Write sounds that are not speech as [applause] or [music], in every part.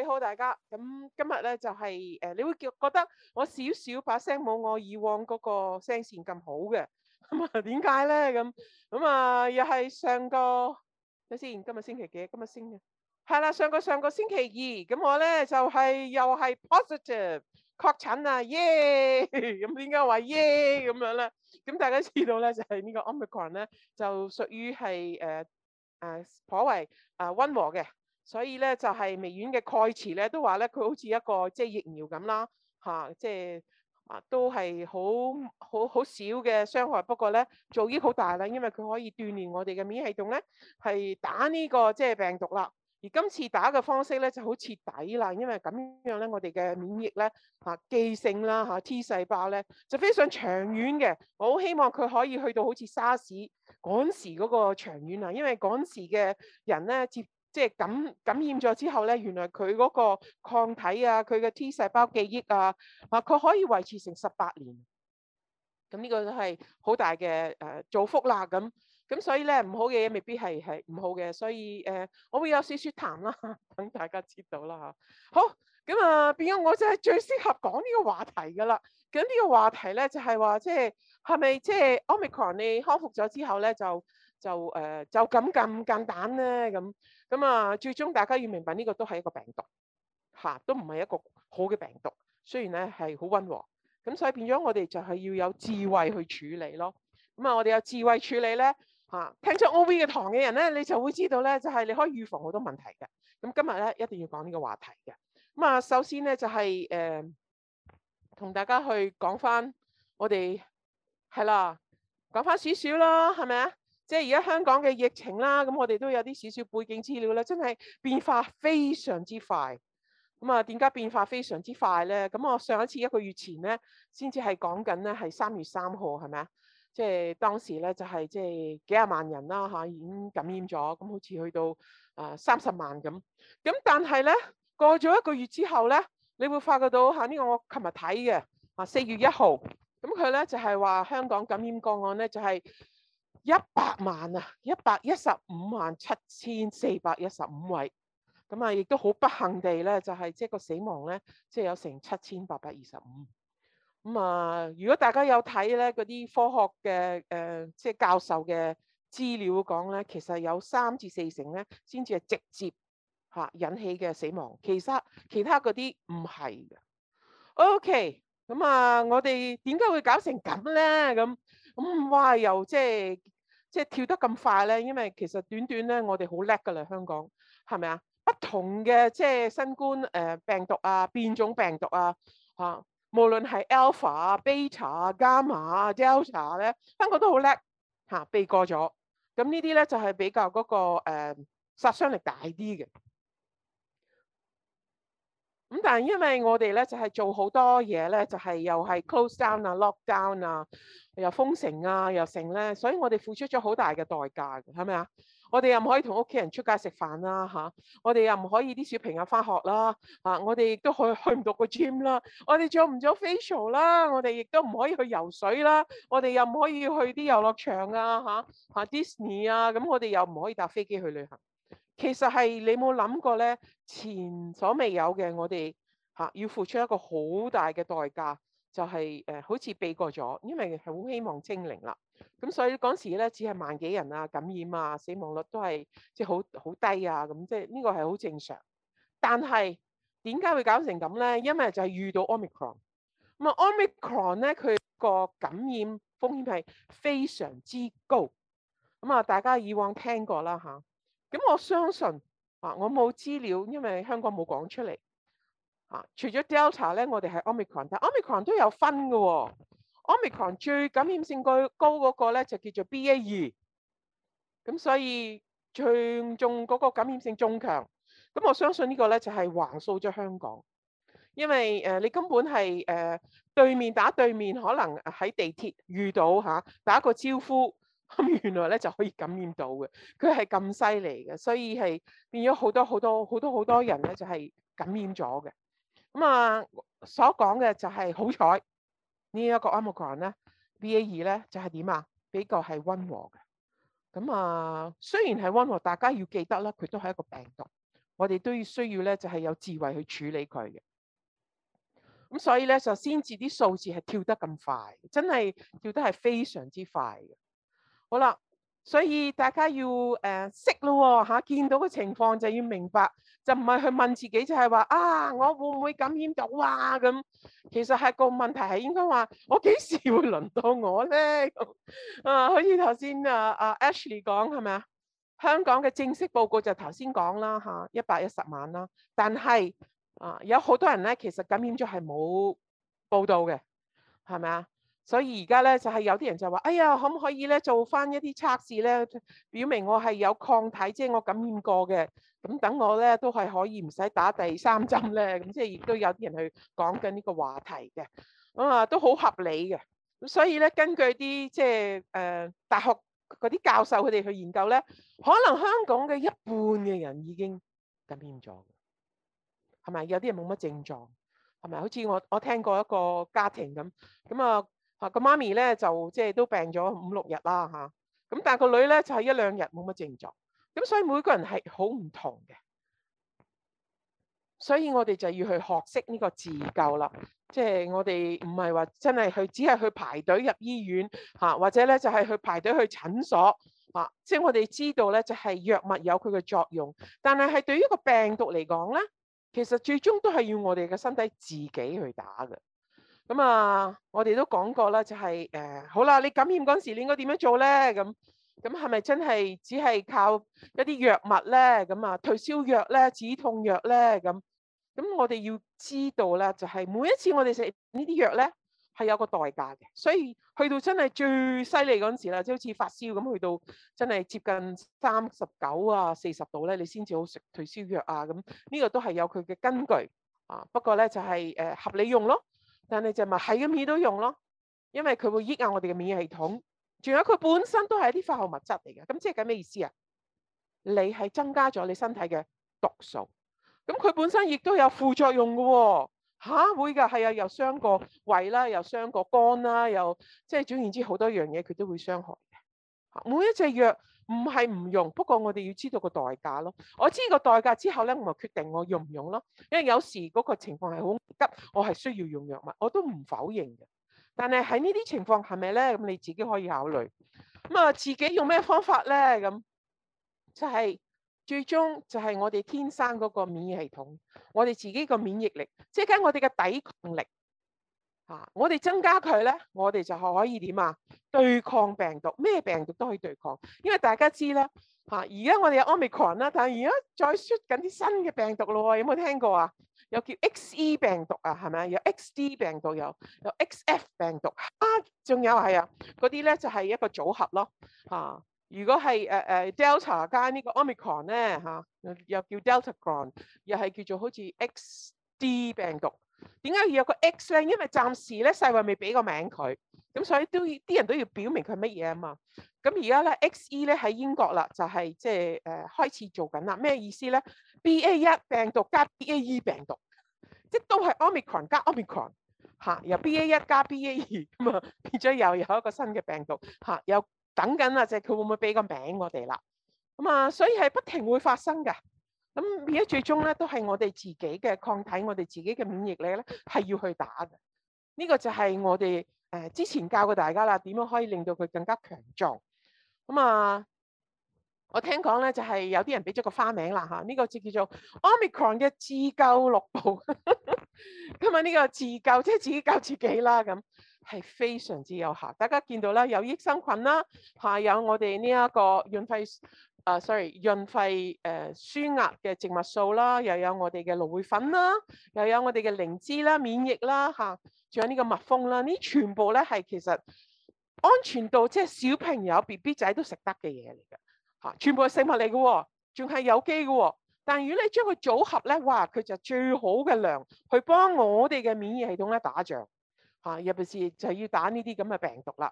你好，大家咁今日咧就係、是、誒，你會叫覺得我少少把聲冇我以往嗰個聲線咁好嘅咁啊？點解咧？咁咁啊？又係上個睇先，今日星期幾？今日星期係啦，上個上個星期二，咁我咧就係、是、又係 positive 確診啊！耶咁點解話耶咁樣咧？咁大家知道咧，就係呢個 omicron 咧就屬於係誒誒頗為啊溫和嘅。所以咧就係微軟嘅蓋茨咧都話咧佢好似一個即係、就是、疫苗咁啦嚇，即係啊都係好好好少嘅傷害。不過咧做益好大啦，因為佢可以鍛鍊我哋嘅免疫系統咧，係打呢、這個即係、就是、病毒啦。而今次打嘅方式咧就好徹底啦，因為咁樣咧我哋嘅免疫咧嚇記性啦嚇 T 細胞咧就非常長遠嘅。我好希望佢可以去到好似沙士嗰時嗰個長遠啊，因為嗰時嘅人咧接。即係感感染咗之後咧，原來佢嗰個抗體啊，佢嘅 T 細胞記憶啊，啊，佢可以維持成十八年，咁呢個都係好大嘅誒祝福啦。咁咁所以咧唔好嘅嘢，未必係係唔好嘅，所以誒、呃、我會有少少談啦，等大家知道啦吓。好咁啊，變咗我就係最適合講呢個話題噶啦。咁呢個話題咧就係、是、話，即係係咪即係 Omicron 你康復咗之後咧，就就誒、呃、就咁咁簡單咧咁？咁啊，最終大家要明白呢、這個都係一個病毒，嚇、啊、都唔係一個好嘅病毒。雖然咧係好溫和，咁所以變咗我哋就係要有智慧去處理咯。咁啊，我哋有智慧處理咧，嚇、啊、聽咗 O V 嘅堂嘅人咧，你就會知道咧，就係、是、你可以預防好多問題嘅。咁今日咧一定要講呢個話題嘅。咁啊，首先咧就係、是、誒，同、呃、大家去講翻我哋係啦，講翻少少啦，係咪啊？即係而家香港嘅疫情啦，咁我哋都有啲少少背景資料咧，真係變化非常之快。咁啊，點解變化非常之快咧？咁我上一次一個月前咧，先至係講緊咧，係三月三號，係咪啊？即係當時咧，就係即係幾廿萬人啦已經感染咗，咁好似去到啊三十萬咁。咁但係咧，過咗一個月之後咧，你會發覺到嚇呢、呢個我琴日睇嘅啊，四月一號，咁佢咧就係、係、話香港感染個案咧就係、係。一百萬啊，一百一十五萬七千四百一十五位，咁啊，亦都好不幸地咧，就係即係個死亡咧，即係有成七千八百二十五。咁啊，如果大家有睇咧嗰啲科學嘅誒，即係教授嘅資料講咧，其實有三至四成咧，先至係直接吓引起嘅死亡，其實其他嗰啲唔係嘅。OK，咁啊，我哋點解會搞成咁咧？咁咁，哇！又即係。即、就、係、是、跳得咁快咧，因為其實短短咧，我哋好叻噶啦，香港係咪啊？不同嘅即係新冠誒病毒啊，變種病毒啊，嚇、啊，無論係 Alpha、Beta、Gamma、Delta 咧、啊，香港都好叻吓，避過咗。咁呢啲咧就係、是、比較嗰、那個誒、啊、殺傷力大啲嘅。咁但係因為我哋咧就係做好多嘢咧，就係、是、又係 close down 啊、lock down 啊、又封城啊、又成咧，所以我哋付出咗好大嘅代價嘅，係咪啊？我哋又唔可以同屋企人出街食飯啦，嚇！我哋又唔可以啲小朋友返學啦，嚇！我哋亦都去去唔到個 gym 啦，我哋做唔咗 facial 啦，我哋亦都唔可以去游水啦，我哋又唔可以去啲遊樂場啊，嚇嚇 Disney 啊，咁我哋又唔可以搭飛機去旅行。其實係你冇諗過咧，前所未有嘅，我哋吓要付出一個好大嘅代價，就係誒，好似避過咗，因為好希望清零啦。咁所以嗰時咧，只係萬幾人啊，感染啊，死亡率都係即係好好低啊。咁即係呢個係好正常。但係點解會搞成咁咧？因為就係遇到 Omicron。咁啊，Omicron 咧，佢個感染風險係非常之高。咁啊，大家以往聽過啦吓。咁我相信，啊，我冇資料，因為香港冇講出嚟，啊，除咗 Delta 咧，我哋係 Omicron，但 Omicron 都有分嘅喎，Omicron 最感染性高高嗰個咧就叫做 BA 二，咁所以最重嗰個感染性仲強，咁我相信呢個咧就係橫掃咗香港，因為你根本係誒對面打對面，可能喺地鐵遇到吓，打個招呼。咁原來咧就可以感染到嘅，佢係咁犀利嘅，所以係變咗好多好多好多好多，多人咧就係感染咗嘅。咁啊，所講嘅就係、係、好彩呢一個 Omicron 咧，BA 二咧就係點啊？比較係溫和嘅。咁啊，雖然係溫和，大家要記得啦，佢都係一個病毒，我哋都要需要咧就係有智慧去處理佢嘅。咁所以咧就先至啲數字係跳得咁快，真係跳得係非常之快嘅。好啦，所以大家要誒識咯，吓見到嘅情況就要明白，就唔係去問自己就說，就係話啊我會唔會感染到啊？咁其實係個問題係應該話我幾時會輪到我咧？啊，好似頭先啊啊 Ashley 講，係咪啊？香港嘅正式報告就頭先講啦，吓一百一十萬啦，但係啊有好多人咧，其實感染咗係冇報道嘅，係咪啊？所以而家咧就係有啲人就話，哎呀，可唔可以咧做返一啲測試咧，表明我係有抗體，即係我感染過嘅。咁等我咧都係可以唔使打第三針咧。咁即係亦都有啲人去講緊呢個話題嘅。咁啊都好合理嘅。咁所以咧根據啲即係誒大學嗰啲教授佢哋去研究咧，可能香港嘅一半嘅人已經感染咗。係咪有啲人冇乜症狀？係咪好似我我聽過一個家庭咁咁啊？啊，個媽咪咧就即係都病咗五六日啦吓，咁但係個女咧就係一兩日冇乜症狀，咁所以每個人係好唔同嘅，所以我哋就要去學識呢個自救啦，即係我哋唔係話真係去，只係去排隊入醫院吓，或者咧就係去排隊去診所吓，即係我哋知道咧就係藥物有佢嘅作用，但係係對於一個病毒嚟講咧，其實最終都係要我哋嘅身體自己去打嘅。咁啊，我哋都講過啦、就係，就係誒好啦，你感染嗰陣時，你應該點樣做咧？咁咁係咪真係只係靠一啲藥物咧？咁啊，退燒藥咧、止痛藥咧，咁咁我哋要知道咧，就係、係、每一次我哋食呢啲藥咧，係有個代價嘅。所以去到真係最犀利嗰陣時啦，即、就係、好似發燒咁去到真係接近三十九啊四十度咧，你先至好食退燒藥啊咁。呢個都係有佢嘅根據啊。不過咧就係、係、誒合理用咯。但你就咪係咁起都用咯，因為佢會抑壓我哋嘅免疫系統，仲有佢本身都係啲化學物質嚟嘅，咁即係咁咩意思啊？你係增加咗你身體嘅毒素，咁佢本身亦都有副作用嘅，吓會噶，係啊，又傷過胃啦，又傷過肝啦，又即係總言之，好多樣嘢佢都會傷害嘅。每一隻藥。唔係唔用，不過我哋要知道個代價咯。我知個代價之後咧，我咪決定我用唔用咯。因為有時嗰個情況係好急，我係需要用藥物，我都唔否認嘅。但係喺呢啲情況係咪咧？咁你自己可以考慮。咁啊，自己用咩方法咧？咁就係最終就係我哋天生嗰個免疫系統，我哋自己個免疫力，即係我哋嘅抵抗力。嚇、啊！我哋增加佢咧，我哋就可以點啊？對抗病毒，咩病毒都可以對抗，因為大家知啦。嚇、啊！而家我哋有 Omicron 啦，但而家再出緊啲新嘅病毒咯，有冇聽過啊？又叫 XE 病毒啊，係咪？有 XD 病毒有，有有 XF 病毒啊，仲有係啊，嗰啲咧就係、是、一個組合咯。嚇、啊！如果係誒誒 Delta 加呢個 Omicron 咧，嚇、啊啊、又叫 Delta Cron 又係叫做好似 XD 病毒。點解要有個 X 咧？因為暫時咧世衛未俾個名佢，咁所以都啲人都要表明佢乜嘢啊嘛。咁而家咧 XE 咧喺英國啦，就係即係誒開始做緊啦。咩意思咧？BA 一病毒加 BA 二病毒，即係都係 omicron 加 omicron 吓，由 BA 一加 BA 二咁啊，變咗又有一個新嘅病毒吓，又等緊啦就係佢會唔會俾個名我哋啦？咁啊，所以係不停會發生噶。咁變咗最終咧，都係我哋自己嘅抗體，我哋自己嘅免疫力咧，係要去打嘅。呢、這個就係我哋誒、呃、之前教過大家啦，點樣可以令到佢更加強壯。咁啊，我聽講咧就係、是、有啲人俾咗個花名啦嚇，呢、這個就叫做 Omicron 嘅自救六步。因為呢個自救即係自己救自己啦，咁係非常之有效。大家見到啦，有益生菌啦，係、啊、有我哋呢一個潤肺。啊，sorry，潤肺誒舒壓嘅植物素啦，又有我哋嘅蘆薈粉啦，又有我哋嘅靈芝啦、免疫啦嚇，仲有呢個蜜蜂啦，呢全部咧係其實安全到，即係小朋友、BB 仔都食得嘅嘢嚟嘅嚇，全部係食物嚟嘅喎，仲係有機嘅喎。但係如果你將佢組合咧，哇，佢就最好嘅糧去幫我哋嘅免疫系統咧打仗嚇，尤其是就要打呢啲咁嘅病毒啦。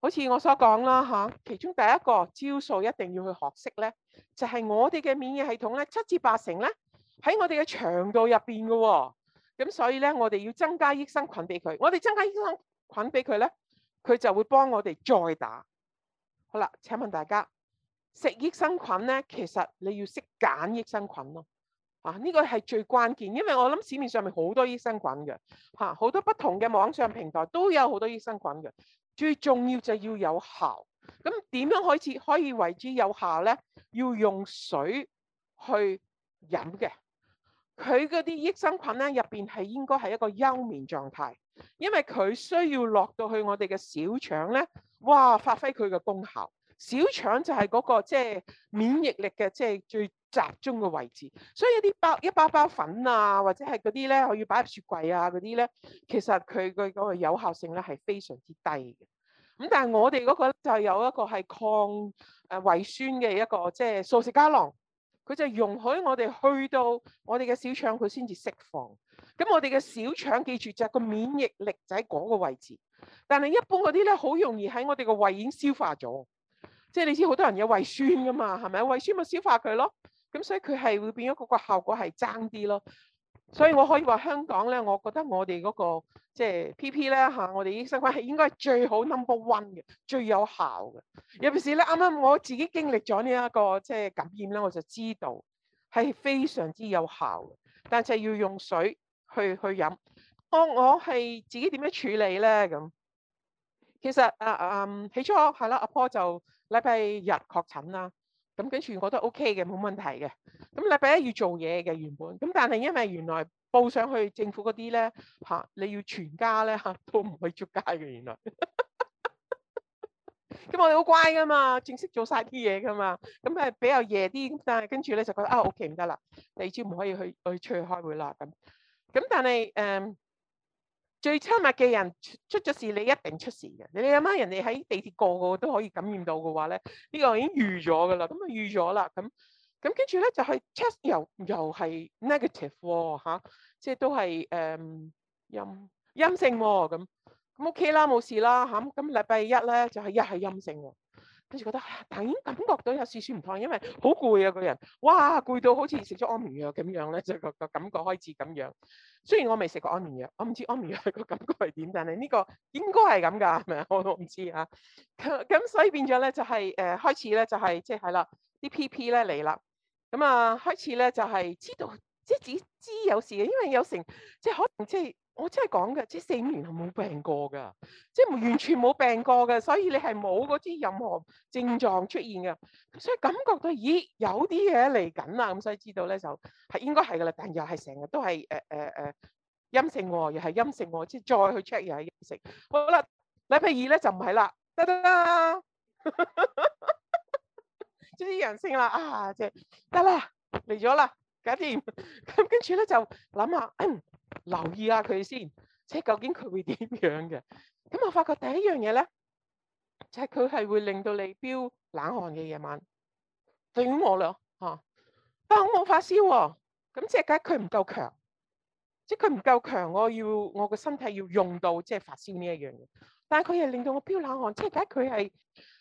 好似我所講啦嚇，其中第一個招數一定要去學識咧，就係我哋嘅免疫系統咧，七至八成咧喺我哋嘅腸道入邊嘅喎，咁所以咧我哋要增加益生菌俾佢，我哋增加益生菌俾佢咧，佢就會幫我哋再打。好啦，請問大家食益生菌咧，其實你要識揀益生菌咯。啊！呢、這個係最關鍵，因為我諗市面上面好多益生菌嘅，嚇、啊、好多不同嘅網上平台都有好多益生菌嘅。最重要就係要有效，咁點樣開始可以為之有效咧？要用水去飲嘅，佢嗰啲益生菌咧入邊係應該係一個休眠狀態，因為佢需要落到去我哋嘅小腸咧，哇！發揮佢嘅功效。小腸就係嗰、那個即係、就是、免疫力嘅，即、就、係、是、最集中嘅位置。所以一啲包一包包粉啊，或者係嗰啲咧，可以擺入雪櫃啊嗰啲咧，其實佢嘅個有效性咧係非常之低嘅。咁但係我哋嗰個就有一個係抗誒胃酸嘅一個即係、就是、素食膠囊，佢就容許我哋去到我哋嘅小，小腸，佢先至釋放。咁我哋嘅小腸記住就是、個免疫力就喺嗰個位置，但係一般嗰啲咧好容易喺我哋個胃已經消化咗。即係你知，好多人有胃酸噶嘛，係咪？胃酸咪消化佢咯。咁所以佢係會變咗嗰個效果係爭啲咯。所以我可以話香港咧，我覺得我哋嗰個即係 PP 咧嚇，我哋醫生關係應該係最好 number one 嘅，最有效嘅。尤其是咧，啱啱我自己經歷咗呢一個即係感染咧，我就知道係非常之有效嘅，但係要用水去去飲。我我係自己點樣處理咧咁，其實啊啊、嗯，起初係啦，阿婆就。禮拜日確診啦，咁跟住我覺得 O K 嘅，冇問題嘅。咁禮拜一要做嘢嘅原本，咁但係因為原來報上去政府嗰啲咧嚇，你要全家咧嚇都唔可以出街嘅原來。咁 [laughs] 我哋好乖噶嘛，正式做晒啲嘢噶嘛，咁係比較夜啲，但係跟住咧就覺得啊 O K 唔得啦，第二朝唔可以去去出去開會啦咁。咁但係誒。Um, 最親密嘅人出咗事，你一定出事嘅。你你諗下，人哋喺地鐵個個都可以感染到嘅話咧，呢個已經預咗噶啦。咁預咗啦，咁咁跟住咧就 check 又又係 negative 嚇、啊，即係都係誒陰陰性喎。咁咁 OK 啦，冇事啦嚇。咁禮拜一咧就係一係陰性喎。跟住覺得突然、啊、感覺到有少少唔妥，因為好攰啊個人，哇攰到好似食咗安眠藥咁樣咧，就個個感覺開始咁樣。雖然我未食過安眠藥，我唔知安眠藥個感覺係點，但係呢個應該係咁㗎，係咪啊？我都唔知啊。咁所以變咗咧就係、是、誒、呃、開始咧就係即係係啦啲 PP 咧嚟啦，咁啊開始咧就係知道即係只知有事，嘅，因為有成即係、就是、可能即係。我真係講嘅，即四年係冇病過噶，即完全冇病過嘅，所以你係冇嗰啲任何症狀出現嘅，所以感覺到咦有啲嘢嚟緊啦，咁所以知道咧就係應該係嘅啦，但又係成日都係誒誒誒陰性喎，又係陰性喎，即再去 check 又係陰性。好啦，禮拜二咧就唔係啦，得得得，終於陽性啦啊！即得啦嚟咗啦，搞掂。咁跟住咧就諗下嗯。留意下佢先，即係究竟佢會點樣嘅？咁我發覺第一樣嘢咧，就係佢係會令到你飆冷汗嘅，夜晚，頂我咯吓。但、啊、我冇發燒喎、哦，咁即係解佢唔夠強，即係佢唔夠強。我要我個身體要用到即係發燒呢一樣嘢，但係佢又令到我飆冷汗，即係解佢係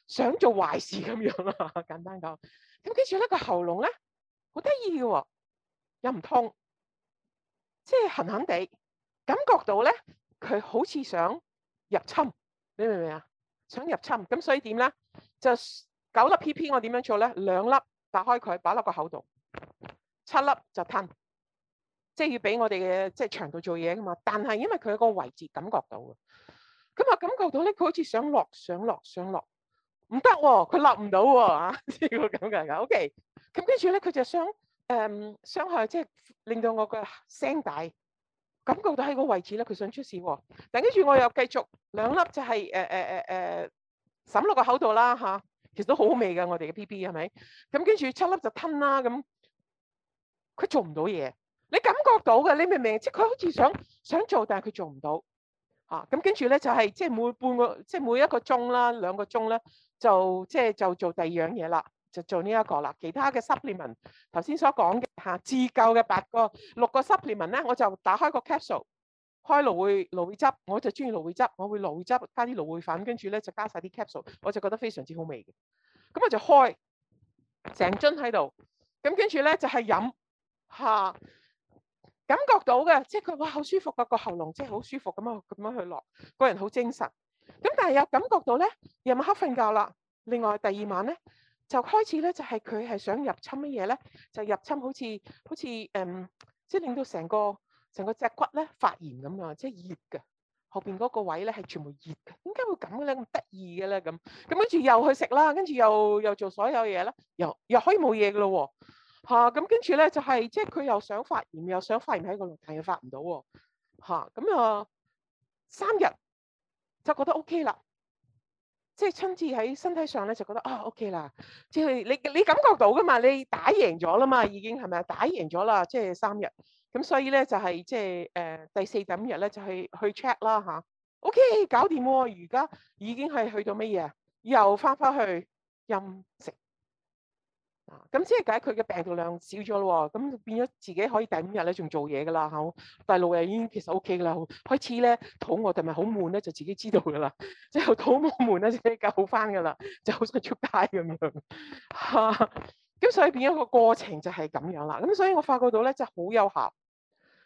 想做壞事咁樣咯、啊。簡單講，咁跟住咧個喉嚨咧，好得意嘅，又唔痛。即係狠狠地感覺到咧，佢好似想入侵，你明唔明啊？想入侵，咁所以點咧？就九粒 P P，我點樣做咧？兩粒打開佢，擺落個口度，七粒就吞。即係要俾我哋嘅即係腸度做嘢噶嘛？但係因為佢有個位置感覺到嘅，咁啊感覺到咧，佢好似想落，想落，想落，唔得，哦，佢落唔到啊！ [laughs] okay. 呢個感覺噶，OK。咁跟住咧，佢就想。誒，傷害即係令到我嘅聲大，感覺到喺個位置咧，佢想出事。但係跟住我又繼續兩粒就係誒誒誒誒，沈落個口度啦吓。其實都好好味㗎，我哋嘅 BB 係咪？咁跟住七粒就吞啦。咁佢做唔到嘢，你感覺到㗎，你明唔明？即係佢好似想想做，但係佢做唔到。吓，咁跟住咧就係即係每半個即係每一個鐘啦，兩個鐘咧就即係就做第二樣嘢啦。就做呢一個啦，其他嘅 supplement 頭先所講嘅嚇，自救嘅八個六個 supplement 咧，我就打開個 capsule，開蘆薈蘆薈汁，我就中意蘆薈汁，我會蘆薈汁加啲蘆薈粉，跟住咧就加晒啲 capsule，我就覺得非常之好味嘅。咁我就開成樽喺度，咁跟住咧就係飲嚇，感覺到嘅即係個哇好舒服個、個喉嚨，即係好舒服咁啊咁樣去落，個人好精神。咁但係又感覺到咧，夜晚黑瞓覺啦。另外第二晚咧。就開始咧，就係佢係想入侵乜嘢咧？就入侵好似好似誒，即係令到成個成個脊骨咧發炎咁啊！即係熱嘅，後邊嗰個位咧係全部熱嘅。點解會咁咧？咁得意嘅咧咁咁，跟住又去食啦，跟住又又做所有嘢啦，又又可以冇嘢嘅咯喎嚇！咁跟住咧就係即係佢又想發炎，又想發炎喺個度，但又發唔到喎嚇！咁啊三日就覺得 OK 啦。即係親自喺身體上咧就覺得啊 OK 啦，即係你你感覺到噶嘛？你打贏咗啦嘛，已經係咪啊？打贏咗啦，即係三日。咁所以咧就係即係誒第四第五日咧就去去 check 啦吓、啊、OK 搞掂喎，而家已經係去到乜嘢啊？又翻返去飲食。啊，咁先係解佢嘅病毒量少咗咯，咁變咗自己可以第五日咧仲做嘢噶啦，吓、啊，第六日已經其實 O K 噶啦，開始咧肚餓同埋好悶咧就自己知道噶啦，即係肚餓悶咧就救翻噶啦，就好想出街咁樣，吓，咁所以變咗個過程就係咁樣啦，咁所以我發覺到咧就好有效，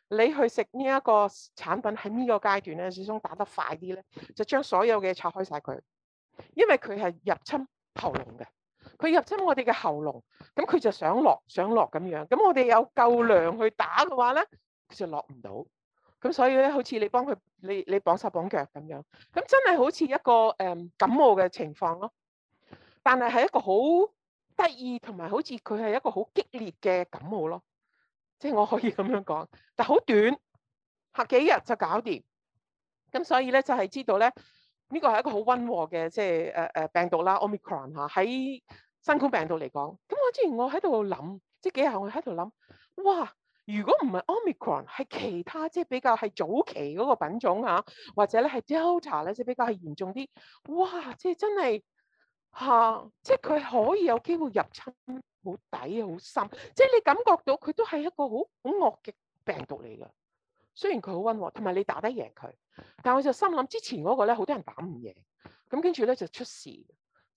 你去食呢一個產品喺呢個階段咧始終打得快啲咧，就將所有嘅拆開晒佢，因為佢係入侵喉嚨嘅。佢入侵我哋嘅喉嚨，咁佢就想落想落咁樣，咁我哋有夠量去打嘅話咧，佢就落唔到，咁所以咧好似你幫佢你你綁手綁腳咁樣，咁真係好似一個誒感冒嘅情況咯，但係係一個好得意同埋好似佢係一個好激烈嘅感冒咯，即係我可以咁樣講，但係好短，嚇幾日就搞掂，咁所以咧就係知道咧呢個係一個好溫和嘅即係誒誒病毒啦，Omicron 嚇喺。新冠病毒嚟講，咁我之前我我喺度諗，即係幾日我喺度諗，哇！如果唔係 Omicron 係其他即係比較係早期嗰個品種嚇，或者咧係 Delta 咧，即比較係嚴重啲，哇！即係真係吓，即係佢可以有機會入侵，好抵，啊，好深，即係你感覺到佢都係一個好好惡嘅病毒嚟噶。雖然佢好溫和，同埋你打得贏佢，但係我就心諗之前嗰個咧，好多人打唔贏，咁跟住咧就出事。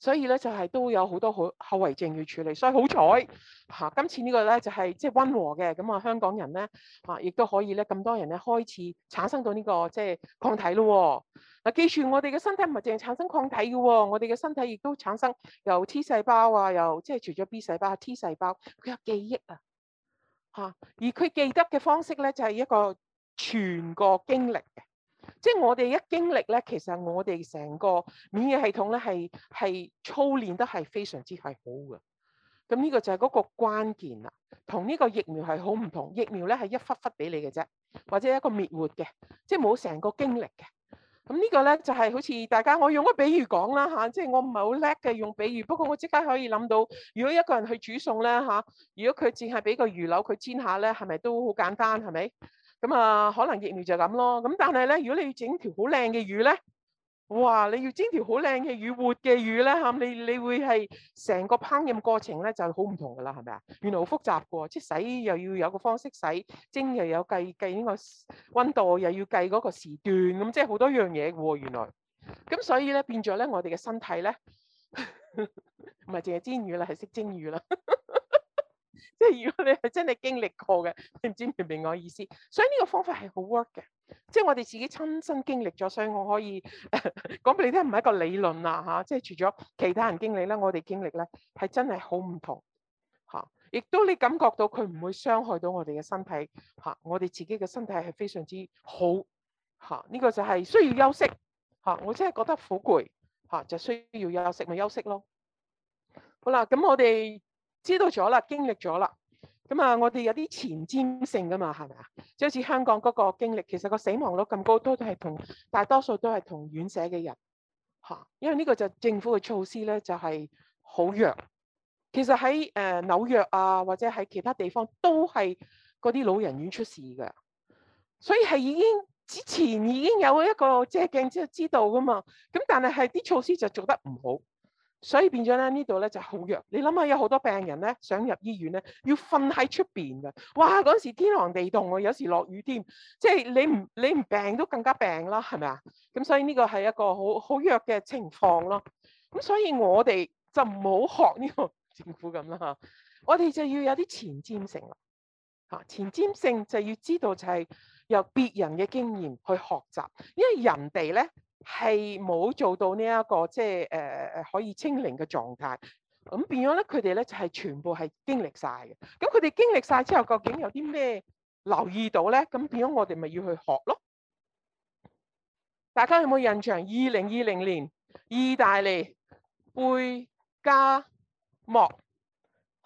所以咧就係都有好多好後遺症要處理，所以好彩嚇，今次呢個咧就係即係溫和嘅，咁啊香港人咧嚇亦都可以咧咁多人咧開始產生到呢個即係抗體咯。嗱，記住，我哋嘅身體唔係淨係產生抗體嘅，我哋嘅身體亦都產生有 T 細胞啊，又即係除咗 B 細胞、T 細胞，佢有記憶啊嚇，而佢記得嘅方式咧就係一個全個經歷。即係我哋一經歷咧，其實我哋成個免疫系統咧係係操練得係非常之係好嘅。咁呢個就係嗰個關鍵啦，同呢個疫苗係好唔同。疫苗咧係一忽忽俾你嘅啫，或者一個滅活嘅，即係冇成個經歷嘅。咁呢個咧就係好似大家，我用個比喻講啦吓，即係我唔係好叻嘅用比喻，不過我即刻可以諗到，如果一個人去煮餸咧吓，如果佢淨係俾個魚柳佢煎下咧，係咪都好簡單？係咪？咁啊，可能疫苗就咁咯。咁但係咧，如果你要整條好靚嘅魚咧，哇！你要蒸條好靚嘅魚，活嘅魚咧，吓你你會係成個烹飪過程咧就好唔同噶啦，係咪啊？原來好複雜噶，即係洗又要有個方式洗，蒸又有計計呢個溫度，又要計嗰個時段，咁即係好多樣嘢噶喎。原來，咁所以咧變咗咧，我哋嘅身體咧，唔係淨係煎魚啦，係識蒸魚啦。即係如果你係真係經歷過嘅，你唔知明唔明我意思？所以呢個方法係好 work 嘅，即係我哋自己親身經歷咗，所以我可以講俾 [laughs] 你聽，唔係一個理論啦吓。即係除咗其他人經歷咧，我哋經歷咧係真係好唔同吓，亦都你感覺到佢唔會傷害到我哋嘅身體吓，我哋自己嘅身體係非常之好吓。呢個就係需要休息吓，我真係覺得好攰吓，就需要休息咪休息咯。好啦，咁我哋。知道咗啦，經歷咗啦，咁啊，我哋有啲前瞻性噶嘛，係咪啊？即好似香港嗰個經歷，其實個死亡率咁高，多都係同大多數都係同院舍嘅人嚇，因為呢個就政府嘅措施咧就係、是、好弱。其實喺誒紐約啊，或者喺其他地方都係嗰啲老人院出事噶，所以係已經之前已經有一個借鏡知知道噶嘛，咁但係係啲措施就做得唔好。所以變咗咧，呢度咧就好弱。你諗下，有好多病人咧想入醫院咧，要瞓喺出邊嘅。哇！嗰時天寒地凍喎，有時落雨添。即係你唔你唔病都更加病啦，係咪啊？咁所以呢個係一個好好弱嘅情況咯。咁所以我哋就唔好學呢個政府咁啦吓。我哋就要有啲前瞻性啦吓。前瞻性就要知道就係由別人嘅經驗去學習，因為人哋咧。係冇做到呢一個即係誒誒可以清零嘅狀態，咁變咗咧佢哋咧就係全部係經歷晒嘅。咁佢哋經歷晒之後，究竟有啲咩留意到咧？咁變咗我哋咪要去學咯。大家有冇印象？二零二零年意大利貝加莫。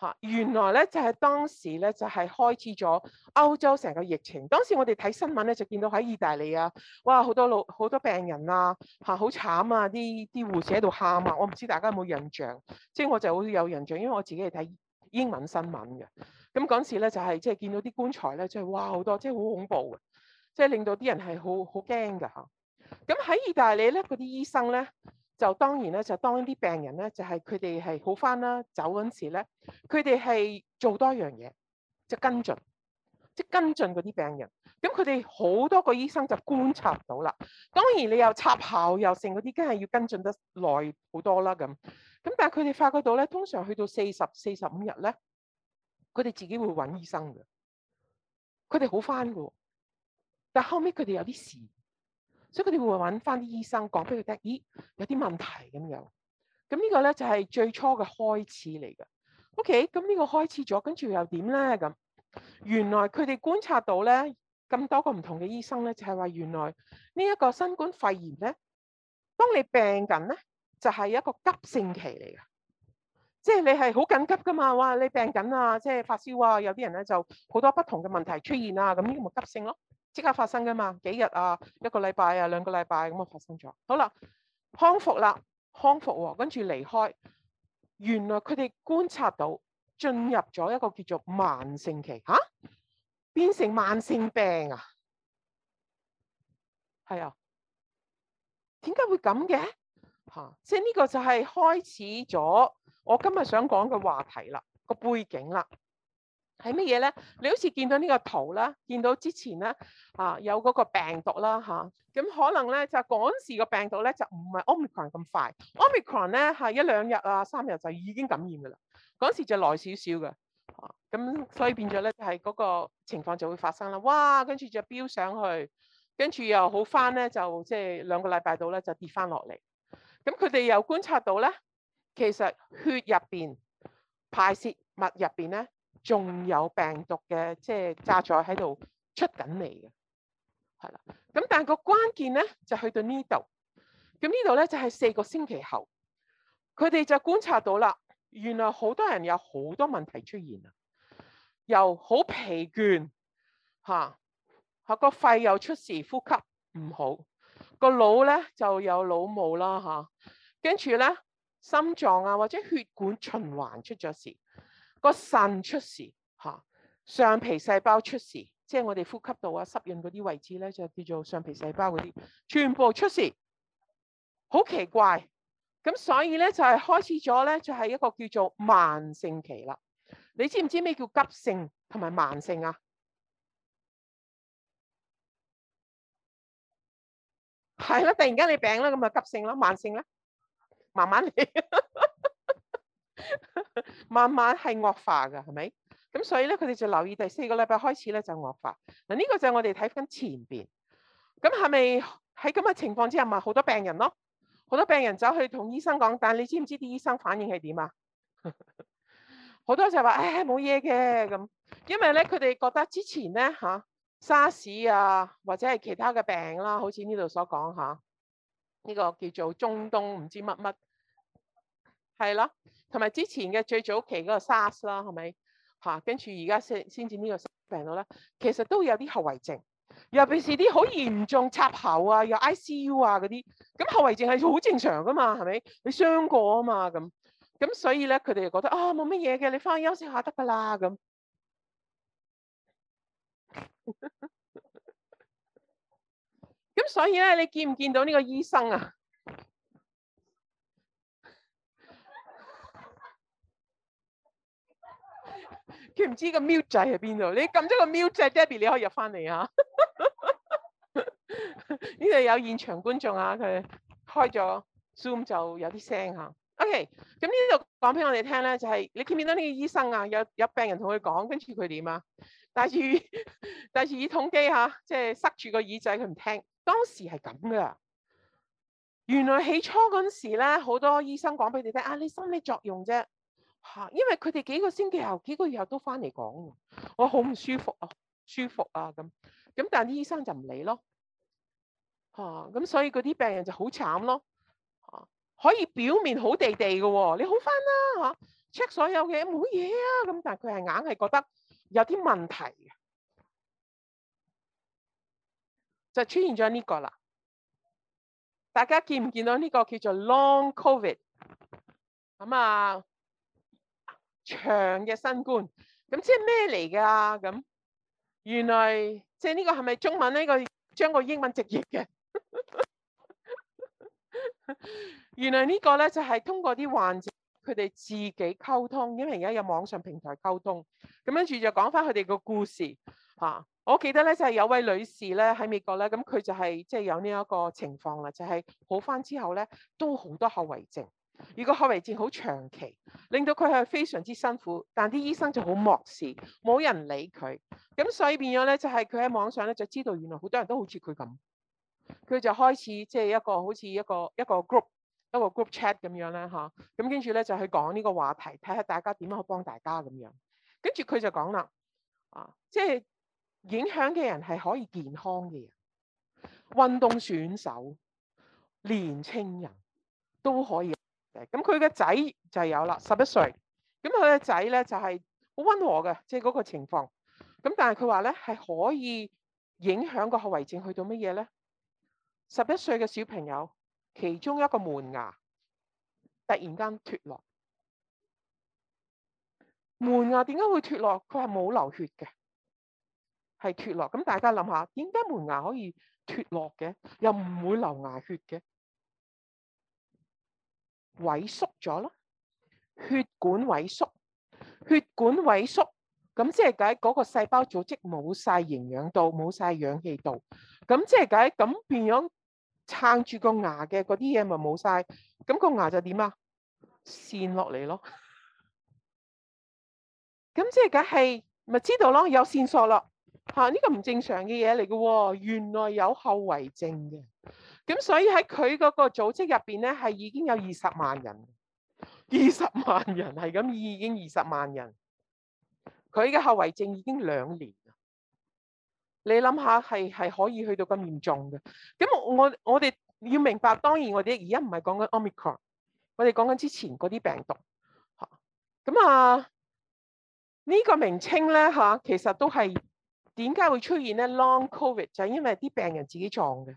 嚇！原來咧就係當時咧就係開始咗歐洲成個疫情。當時我哋睇新聞咧就見到喺意大利啊，哇好多老好多病人啊，嚇好慘啊！啲啲護士喺度喊啊！我唔知大家有冇印象？即係我就好似有印象，因為我自己係睇英文新聞嘅。咁嗰時咧就係即係見到啲棺材咧，真係哇好多，即係好恐怖嘅，即係令到啲人係好好驚㗎嚇。咁喺意大利咧，嗰啲醫生咧。就當然咧，就當啲病人咧，就係佢哋係好翻啦。走嗰陣時咧，佢哋係做多一樣嘢，就跟進，即係跟進嗰啲病人。咁佢哋好多個醫生就觀察到啦。當然你又插喉又剩嗰啲，梗係要跟進得耐好多啦。咁咁，但係佢哋發覺到咧，通常去到四十四十五日咧，佢哋自己會揾醫生嘅。佢哋好翻嘅，但後尾佢哋有啲事。所以佢哋會揾返啲醫生講俾佢聽，咦、哎、有啲問題咁樣。咁呢個咧就係、是、最初嘅開始嚟嘅。OK，咁呢個開始咗，跟住又點咧？咁原來佢哋觀察到咧，咁多個唔同嘅醫生咧，就係、是、話原來呢一個新冠肺炎咧，當你病緊咧，就係、是、一個急性期嚟嘅。即係你係好緊急噶嘛？哇！你病緊啊，即係發燒啊，有啲人咧就好多不同嘅問題出現啊，咁呢個咪急性咯。即刻發生㗎嘛？幾日啊？一個禮拜啊？兩個禮拜咁啊發生咗。好啦，康復啦，康復喎，跟住離開。原來佢哋觀察到進入咗一個叫做慢性期嚇、啊，變成慢性病啊。係啊，點解會咁嘅嚇？即係呢個就係開始咗我今日想講嘅話題啦，個背景啦。係乜嘢咧？你好似見到呢個圖啦，見到之前咧啊，有嗰個病毒啦吓，咁可能咧就嗰時個病毒咧就唔係 Omicron 咁快。嗯，Omicron 咧係一兩日啊三日就已經感染噶啦，嗰時就耐少少噶，咁所以變咗咧就係嗰個情況就會發生啦。哇！跟住就飆上去，跟住又好翻咧，就即係兩個禮拜度咧就跌翻落嚟。咁佢哋又觀察到咧，其實血入邊、排泄物入邊咧，仲有病毒嘅即係雜咗喺度出緊嚟嘅，係啦。咁但係個關鍵咧就去到這這呢度，咁呢度咧就係、是、四個星期後，佢哋就觀察到啦，原來好多人有好多問題出現很啊，又好疲倦吓，啊個肺又出事，呼吸唔好，個腦咧就有腦霧啦吓，跟住咧心臟啊或者血管循環出咗事。那個腎出事吓，上皮細胞出事，即係我哋呼吸道啊、濕潤嗰啲位置咧，就叫做上皮細胞嗰啲，全部出事，好奇怪。咁所以咧就係、是、開始咗咧，就係、是、一個叫做慢性期啦。你知唔知咩叫急性同埋慢性啊？係啦，突然間你病啦，咁就急性啦，慢性啦，慢慢嚟。 [laughs] [laughs] 慢慢係惡化嘅，係咪？咁所以咧，佢哋就留意第四個禮拜開始咧就惡化。嗱，呢個就係我哋睇緊前邊。咁係咪喺咁嘅情況之下，咪好多病人咯？好多病人走去同醫生講，但你知唔知啲醫生反應係點啊？好 [laughs] 多就話誒冇嘢嘅，咁，哎、因為咧佢哋覺得之前咧吓沙士啊，或者係其他嘅病啦，好似呢度所講吓，呢個叫做中東唔知乜乜，係咯。同埋之前嘅最早期嗰個 SARS 啦，係咪吓？跟住而家先先至呢個病到啦。其實都有啲後遺症，尤其是啲好嚴重插喉啊、有 ICU 啊嗰啲，咁後遺症係好正常噶嘛，係咪？你傷過啊嘛，咁咁所以咧，佢哋就覺得啊冇乜嘢嘅，你翻去休息下得噶啦咁。咁 [laughs] 所以咧，你見唔見到呢個醫生啊？佢唔知個 mute 掣喺邊度？你撳咗個 mute 掣，Debbie 你可以入翻嚟啊！呢 [laughs] 度有現場觀眾啊，佢開咗 Zoom 就有啲聲嚇。OK，咁呢度講俾我哋聽咧，就係、是、你見唔見到呢個醫生啊？有有病人同佢講，跟住佢點啊？戴住戴住耳筒機嚇，即係塞住個耳仔，佢唔聽。當時係咁噶。原來起初嗰陣時咧，好多醫生講俾你聽啊，你心理作用啫。吓，因為佢哋幾個星期後，幾個月後都翻嚟講，我好唔舒服啊，舒服啊咁，咁但係啲醫生就唔理咯，吓，啊，咁所以嗰啲病人就好慘咯，啊，可以表面好地地嘅，哦，你好翻啦吓，check，啊，所有嘅冇嘢啊，咁但係佢係硬係覺得有啲問題嘅，就出現咗呢個啦，大家見唔見到呢個叫做 Long Covid？咁啊？長嘅新冠，咁即係咩嚟噶？咁原來即係呢個係咪中文呢、這個將個英文直譯嘅？ [laughs] 原來這個呢個咧就係、是、通過啲患者佢哋自己溝通，因為而家有網上平台溝通，咁跟住就講翻佢哋個故事吓。我記得咧就係有位女士咧喺美國咧，咁佢就係即係有呢一個情況啦，就係、是、好翻之後咧都好多後遺症。如果抗病毒好長期，令到佢係非常之辛苦，但啲醫生就好漠視，冇人理佢，咁所以變咗咧，就係佢喺網上咧，就知道原來好多人都好似佢咁，佢就開始即係一個好似一個一個 group 一個 group chat 咁樣啦，嚇，咁跟住咧就去講呢個話題，睇下大家點樣去幫大家咁樣，跟住佢就講啦，啊，即係影響嘅人係可以健康嘅人，運動選手、年輕人都可以。咁佢嘅仔就有啦，十一歲，咁佢嘅仔咧就係好溫和嘅，即係嗰個情況。咁但係佢話咧係可以影響個後遺症去到乜嘢咧？十一歲嘅小朋友，其中一個門牙突然間脫落，門牙點解會脫落？佢係冇流血嘅，係脫落。咁大家諗下，點解門牙可以脫落嘅，又唔會流牙血嘅？萎縮咗咯，血管萎縮，血管萎縮，咁即係解嗰、那個細胞組織冇晒營養度，冇晒氧氣度，咁即係解咁變樣撐住個牙嘅嗰啲嘢咪冇晒，咁、那個牙就點啊？線落嚟咯，咁即係梗係咪知道咯？有線索咯。吓、啊、呢個唔正常嘅嘢嚟嘅，原來有後遺症嘅，咁所以喺佢嗰個組織入邊咧，係已經有二十萬人，二十萬人係咁已經二十萬人，佢嘅後遺症已經兩年啦，你諗下係係可以去到咁嚴重嘅，咁我我哋要明白，當然我哋而家唔係講緊 omicron，我哋講緊之前嗰啲病毒，咁啊呢個名稱咧吓，其實都係。點解會出現咧？Long COVID 就係因為啲病人自己撞嘅，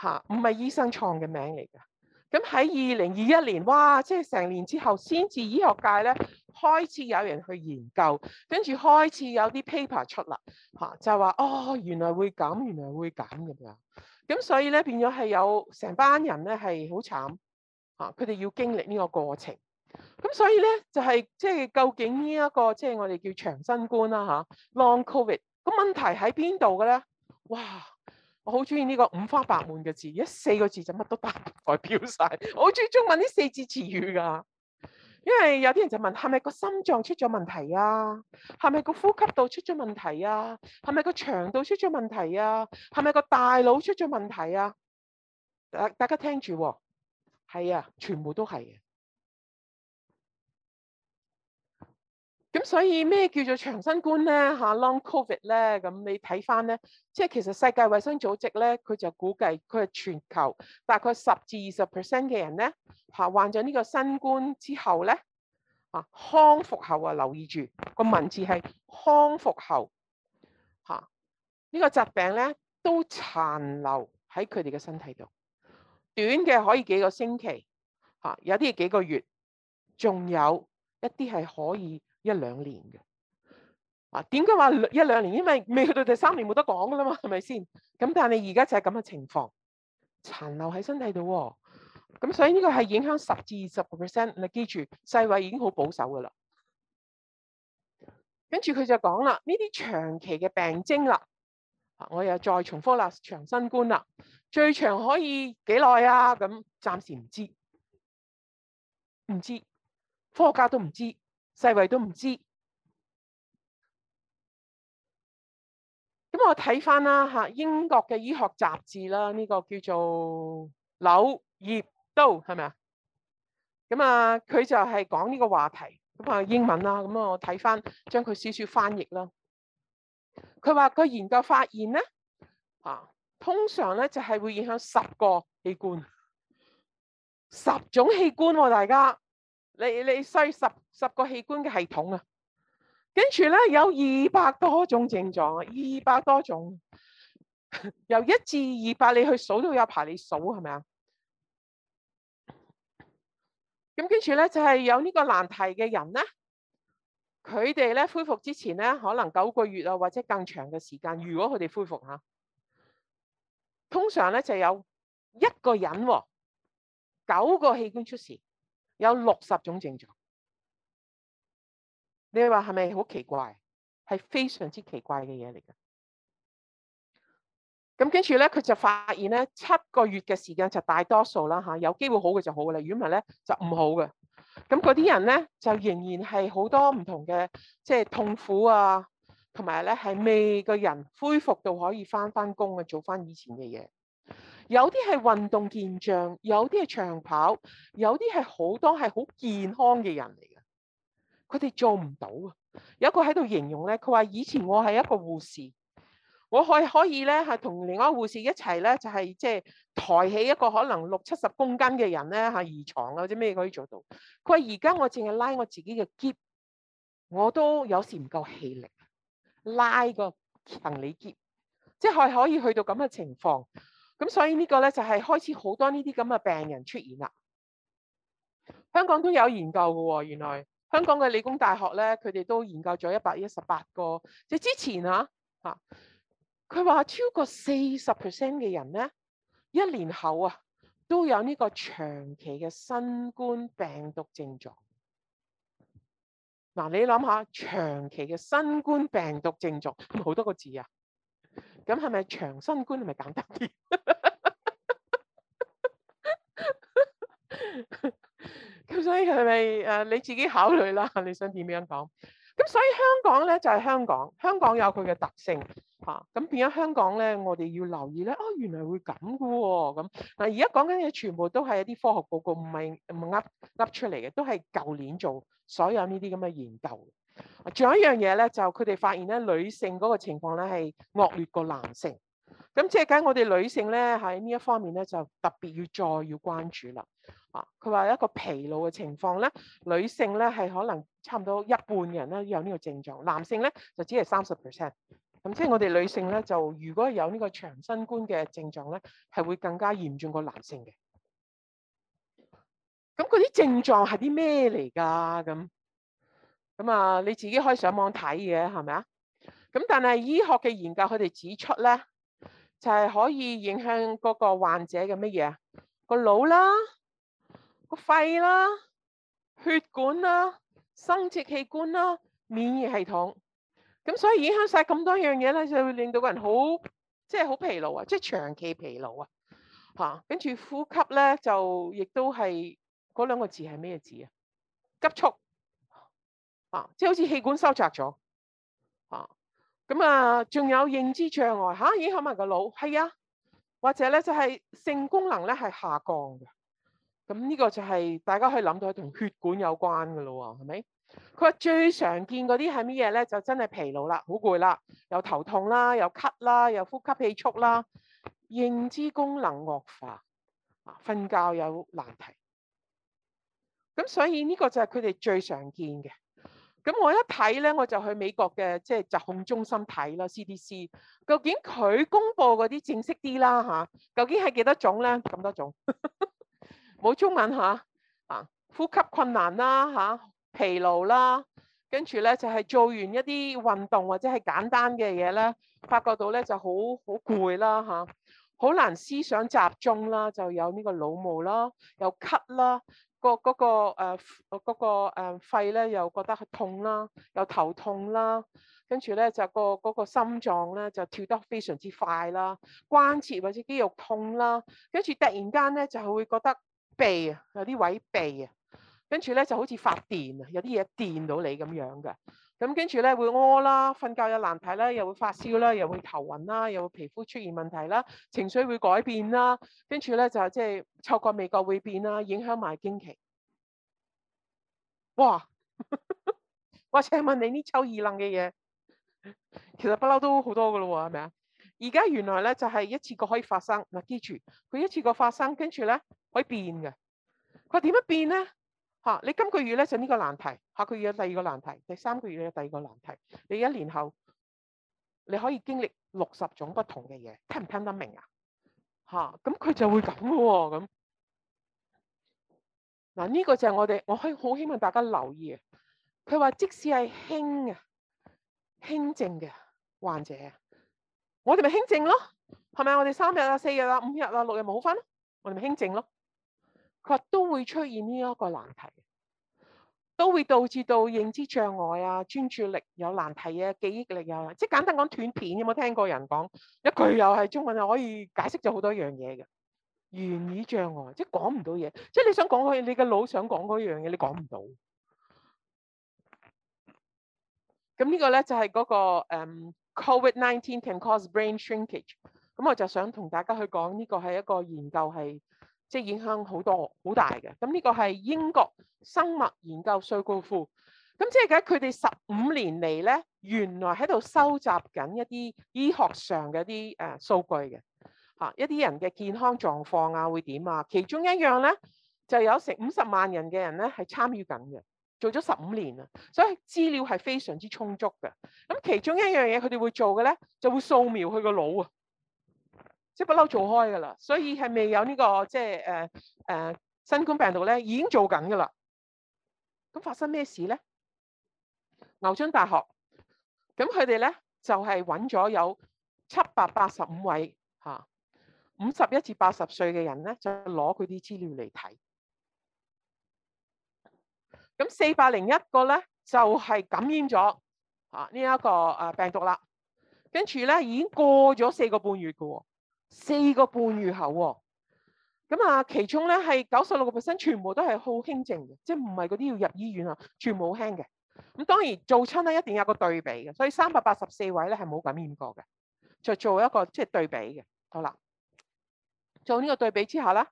嚇唔係醫生創嘅名嚟嘅。咁喺二零二一年，哇！即係成年之後，先至醫學界咧開始有人去研究，跟住開始有啲 paper 出嚟嚇，就話哦，原來會咁，原來會咁嘅啦。咁所以咧變咗係有成班人咧係好慘嚇，佢哋要經歷呢個過程。咁所以咧，就係即係究竟呢、這、一個即係、就是、我哋叫長新冠啦吓，long covid。咁問題喺邊度嘅咧？哇！我好中意呢個五花八門嘅字，一四個字就乜都代表晒。我好中意中文啲四字詞語噶，因為有啲人就問：係咪個心臟出咗問題啊？係咪個呼吸道出咗問題啊？係咪個腸道出咗問題啊？係咪個大腦出咗問題啊？大大家聽住，係啊，全部都係。咁所以咩叫做長新冠咧？嚇，long covid 咧，咁你睇翻咧，即係其實世界衞生組織咧，佢就估計佢係全球大概十至二十 percent 嘅人咧，嚇患咗呢個新冠之後咧，嚇康復後啊，留意住個文字係康復後，嚇呢個疾病咧都殘留喺佢哋嘅身體度，短嘅可以幾個星期，嚇有啲幾個月，仲有一啲係可以一兩年嘅，啊？點解話一兩年？因為未去到第三年冇得講噶啦嘛，係咪先？咁但係而家就係咁嘅情況，殘留喺身體度，喎，咁所以呢個係影響十至二十個 percent。你記住，世衛已經好保守噶啦。跟住佢就講啦，呢啲長期嘅病徵啦，我又再重複啦，長新冠啦，最長可以幾耐啊？咁暫時唔知，唔知，科學家都唔知。世衞都唔知，咁我睇翻啦嚇，英國嘅醫學雜誌啦，呢個叫做柳葉刀係咪啊？咁啊，佢就係講呢個話題，咁啊英文啦，咁啊我睇翻將佢少少翻譯啦。佢話個研究發現咧，啊，通常咧就係會影響十個器官，十種器官喎，啊，大家。你你需十十個器官嘅系統啊，跟住咧有二百多種症狀啊，二百多種，由一至二百你去數都有排你數，係咪啊？咁跟住咧就係、是、有呢個難題嘅人咧，佢哋咧恢復之前咧可能九個月啊或者更長嘅時間，如果佢哋恢復吓，通常咧就有一個人，九個器官出事。有六十種症狀，你話係咪好奇怪？係非常之奇怪嘅嘢嚟㗎。咁跟住咧，佢就發現咧，七個月嘅時間就大多數啦吓，有機會好嘅就好嘅啦。如果唔係咧，就唔好嘅。咁嗰啲人咧，就仍然係好多唔同嘅，即係痛苦啊，同埋咧係未個人恢復到可以翻翻工啊，做翻以前嘅嘢。有啲係運動健將，有啲係長跑，有啲係好多係好健康嘅人嚟嘅。佢哋做唔到啊！有一個喺度形容咧，佢話：以前我係一個護士，我可可以咧嚇同另外一個護士一齊咧，就係即係抬起一個可能六七十公斤嘅人咧嚇，移床啊或者咩可以做到。佢話：而家我淨係拉我自己嘅喼，我都有時唔夠氣力拉個行李喼，即係可以去到咁嘅情況。咁所以呢個咧就係開始好多呢啲咁嘅病人出現啦。香港都有研究嘅喎，原來香港嘅理工大學咧，佢哋都研究咗一百一十八個。就之前啊嚇，佢話超過四十 percent 嘅人咧，一年後啊都有呢個長期嘅新冠病毒症狀。嗱，你諗下長期嘅新冠病毒症狀，好多個字啊！咁係咪長身觀係咪簡單啲？咁 [laughs] 所以係咪誒你自己考慮啦？你想點樣講？咁所以香港咧就係香港，香港有佢嘅特性嚇。咁變咗香港咧，我哋要留意咧。哦，原來會咁㗎喎。咁嗱，而家講緊嘅全部都係一啲科學報告，唔係唔噏噏出嚟嘅，都係舊年做所有呢啲咁嘅研究。仲有一樣嘢咧，就佢哋發現咧，女性嗰個情況咧係惡劣過男性，咁即係講我哋女性咧喺呢一方面咧就特別要再要關注啦。啊，佢話一個疲勞嘅情況咧，女性咧係可能差唔多一半人咧有呢個症狀，男性咧就只係三十 percent。咁即係我哋女性咧就如果有呢個長新冠嘅症狀咧，係會更加嚴重過男性嘅。咁嗰啲症狀係啲咩嚟噶？咁？咁啊，你自己可以上網睇嘅，係咪啊？咁但係醫學嘅研究，佢哋指出咧，就係可以影響嗰個患者嘅乜嘢？個腦啦，個肺啦，血管啦，生殖器官啦，免疫系統。咁所以影響晒咁多樣嘢咧，就會令到個人好即係好疲勞啊，即係長期疲勞啊。嚇，跟住呼吸咧，就亦都係嗰兩個字係咩字啊？急促。啊，即係好似氣管收窄咗，啊，咁啊，仲有認知障礙吓，影響埋個腦，係啊，或者咧就係性功能咧係下降嘅，咁呢個就係大家可以諗到同血管有關噶咯喎，係咪？佢話最常見嗰啲係乜嘢咧？就真係疲勞啦，好攰啦，又頭痛啦，又咳啦，又呼吸氣促啦，認知功能惡化，啊，瞓覺有難題，咁所以呢個就係佢哋最常見嘅。咁我一睇咧，我就去美國嘅即係疾控中心睇啦，CDC 究，究竟佢公佈嗰啲正式啲啦嚇，究竟係幾多種咧？咁多種，冇 [laughs] 中文嚇啊！呼吸困難啦嚇，啊，疲勞啦，跟住咧就係做完一啲運動或者係簡單嘅嘢咧，發覺到咧就好好攰啦嚇。好難思想集中啦，就有呢個腦霧啦，有咳啦，嗰個、嗰個誒，嗰個誒肺咧又覺得痛啦，又頭痛啦，跟住咧就、嗰個、嗰個心臟咧就跳得非常之快啦，關節或者肌肉痛啦，跟住突然間咧就係會覺得痹啊，有啲位置痹，啊，跟住咧就好似發電啊，有啲嘢電到你咁樣嘅。咁跟住咧會屙啦，瞓覺有難題啦，又會發燒啦，又會頭暈啦，又會皮膚出現問題啦，情緒會改變啦，跟住咧就係即係嗅覺味覺會變啦，影響埋經期。哇！我 [laughs] 請問你呢啲臭耳聾嘅嘢，其實是不嬲都好多噶咯喎，係咪啊？而家原來咧就係一次過可以發生嗱，記住佢一次過發生，跟住咧可以變嘅。佢點樣變咧？吓，你今個月咧就呢個難題，下個月有第二個難題，第三個月有第二個難題。你一年後你可以經歷六十種不同嘅嘢，聽唔聽得明啊？吓，咁佢就會咁嘅喎，咁嗱呢個就係我哋，我可以好希望大家留意啊。佢話即使係輕啊、輕症嘅患者，我哋咪輕症咯，係咪？我哋三日啊、四日啊、五日啊、六日冇翻咯，我哋咪輕症咯。佢都會出現呢一個難題，都會導致到認知障礙啊、專注力有難題啊、記憶力有，即係簡單講斷片。有冇聽過人講一句又係中文，可以解釋咗好多樣嘢嘅言語障礙，即係講唔到嘢，即係你想講嗰，你嘅腦想講嗰樣嘢，你講唔到。咁呢個咧就係嗰個誒，Covid nineteen can cause brain shrinkage。咁我就想同大家去講呢個係一個研究係。即係影響好多，好大嘅。咁呢個係英國生物研究最高夫。咁即係嘅，佢哋十五年嚟咧，原來喺度收集緊一啲醫學上嘅一啲誒數據嘅。嚇，一啲人嘅健康狀況啊，會點啊？其中一樣咧，就有成五十萬人嘅人咧係參與緊嘅，做咗十五年啊，所以資料係非常之充足嘅。咁其中一樣嘢佢哋會做嘅咧，就會掃描佢個腦啊。即不嬲做開嘅啦，所以係未有呢個即係誒誒新冠病毒咧，已經做緊嘅啦。咁發生咩事咧？牛津大學咁佢哋咧就係揾咗有七百八十五位，嚇，五十一至八十歲嘅人咧，就攞佢啲資料嚟睇。咁四百零一個咧就係感染咗啊呢一個誒病毒啦，跟住咧已經過咗四個半月嘅喎。四個半月後喎，咁啊，其中咧係九十六個 percent 全部都係好輕症嘅，即係唔係嗰啲要入醫院啊，全部輕嘅。咁當然做親咧一定有個對比嘅，所以三百八十四位咧係冇感染過嘅，就做一個即係對比嘅。好啦，做呢個對比之後咧，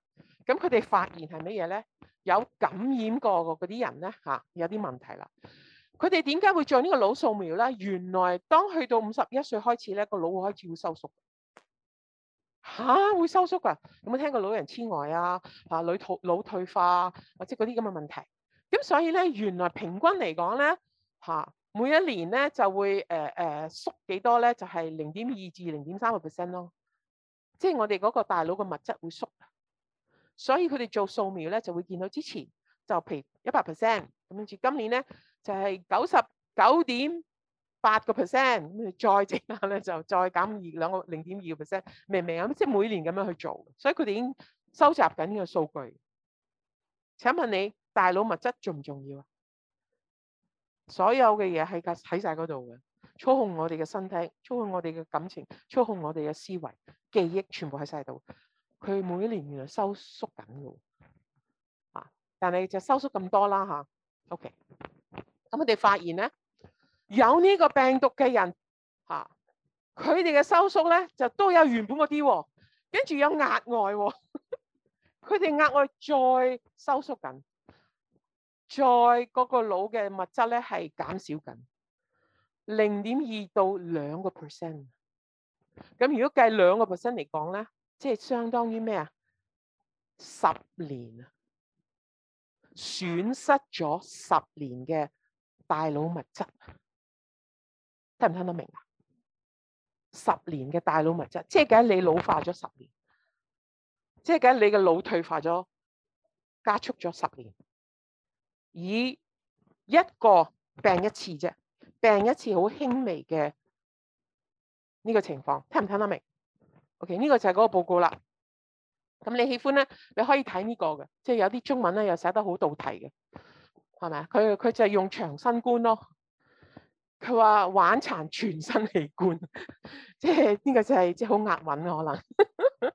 咁佢哋發現係乜嘢咧？有感染過嘅嗰啲人咧吓，有啲問題啦。佢哋點解會做呢個腦掃描咧？原來當去到五十一歲開始咧，個腦開始會收縮。吓、啊，會收縮㗎，啊，有冇聽過老人痴呆啊？嚇、啊，腦退腦退化、啊、或者嗰啲咁嘅問題。咁所以咧，原來平均嚟講咧，嚇、啊、每一年咧就會誒誒、呃呃、縮幾多咧？就係零點二至零點三個 percent 咯。即係我哋嗰個大腦嘅物質會縮，所以佢哋做掃描咧就會見到之前就譬如一百 percent，咁跟住今年咧就係九十九點八個 percent，再整下咧就再減二兩個零點二個 percent，明唔明啊？即係每年咁樣去做，所以佢哋已經收集緊嘅個數據。請問你大腦物質重唔重要啊？所有嘅嘢係㗎喺曬嗰度嘅，操控我哋嘅身體，操控我哋嘅感情，操控我哋嘅思維、記憶，全部喺晒度。佢每年原來收縮緊嘅，啊，但係就收縮咁多啦吓 OK，咁佢哋發現咧。有呢個病毒嘅人，吓佢哋嘅收縮咧就都有原本嗰啲喎，跟住有額外喎，佢哋額外再收縮緊，再嗰個腦嘅物質咧係減少緊，零點二到兩個 percent，咁如果計兩個 percent 嚟講咧，即係、就是、相當於咩啊？十年啊，損失咗十年嘅大腦物質。聽唔聽得明啊？十年嘅大腦物質，即係講你老化咗十年，即係講你嘅腦退化咗，加速咗十年，以一個病一次啫，病一次好輕微嘅呢個情況，聽唔聽得明？OK，呢個就係嗰個報告啦。咁你喜歡咧，你可以睇呢個嘅，即係有啲中文咧又寫得好到題嘅，係咪啊？佢佢就係用長身觀咯。佢話玩殘全身器官，即係呢、這個就係、是、即係好押韻。可能呵呵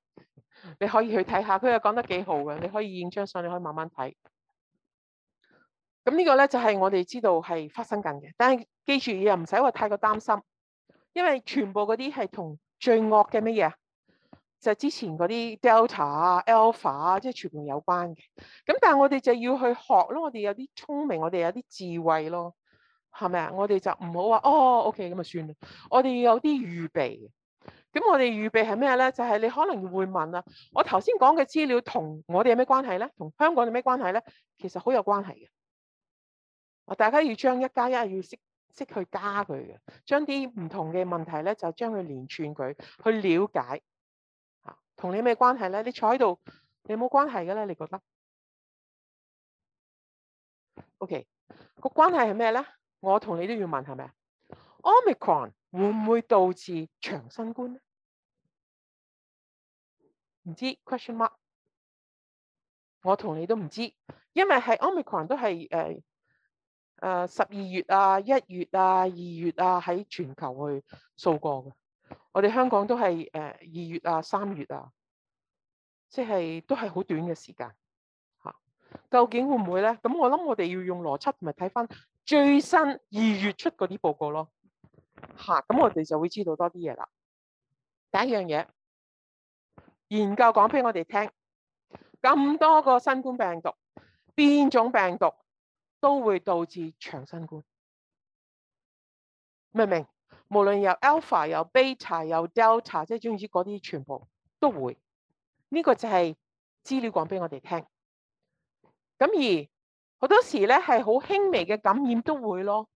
你可以去睇下，佢又講得幾好嘅。你可以影張相，你可以慢慢睇。咁呢個咧就係、是、我哋知道係發生緊嘅。但係記住嘢又唔使話太過擔心，因為全部嗰啲係同最惡嘅乜嘢，就係之前嗰啲 Delta、Alpha 即係全部有關嘅。咁但係我哋就要去學咯。我哋有啲聰明，我哋有啲智慧咯。係咪啊？我哋就唔好話哦，OK 咁啊，算啦。我哋要有啲預備。咁我哋預備係咩咧？就係、是、你可能會問啊，我頭先講嘅資料同我哋有咩關係咧？同香港有咩關係咧？其實好有關係嘅。啊，大家要將一加一要識識去加佢嘅，將啲唔同嘅問題咧，就將佢連串佢去，去了解嚇。同、啊、你有咩關係咧？你坐喺度，你冇關係嘅咧？你覺得？OK，個關係係咩咧？我同你都要問，係咪啊？Omicron 會唔會導致長新冠咧？唔知 question mark？我同你都唔知，因為係 Omicron 都係誒誒十二月啊、一月啊、二月啊，喺全球去掃過嘅。我哋香港都係誒二月啊、三月啊，即係都係好短嘅時間。吓，啊，究竟會唔會咧？咁我諗我哋要用邏輯同埋睇翻。最新二月出嗰啲報告咯，嚇、啊！咁我哋就會知道多啲嘢啦。第一樣嘢，研究講俾我哋聽，咁多個新冠病毒，邊種病毒都會導致長新冠，明唔明？無論有 alpha、有 beta、有 delta，即係總之嗰啲全部都會。呢、這個就係資料講俾我哋聽。咁而……好多時咧係好輕微嘅感染都會咯，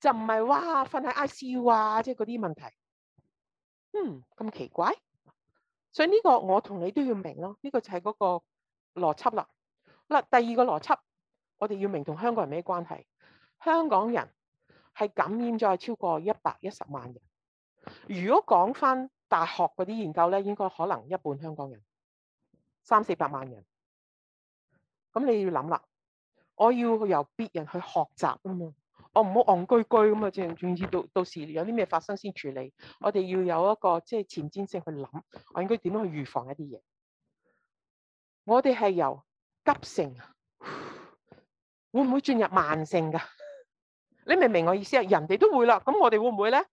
就唔係哇瞓喺 ICU 啊，即係嗰啲問題。嗯咁奇怪，所以呢個我同你都要明咯，呢個就係嗰個邏輯啦。第二個邏輯，我哋要明同香港人咩關係？香港人係感染咗係超過一百一十萬人。如果講翻大學嗰啲研究咧，應該可能一半香港人，三四百萬人。咁你要諗啦。我要由別人去學習啊嘛，我唔好戇居居咁啊，總之到時有啲咩發生先處理。我哋要有一個即係前瞻性去諗，我應該點樣去預防一啲嘢。我哋係由急性，會唔會進入慢性噶？你明唔明我意思啊？人哋都會啦，咁我哋會唔會咧？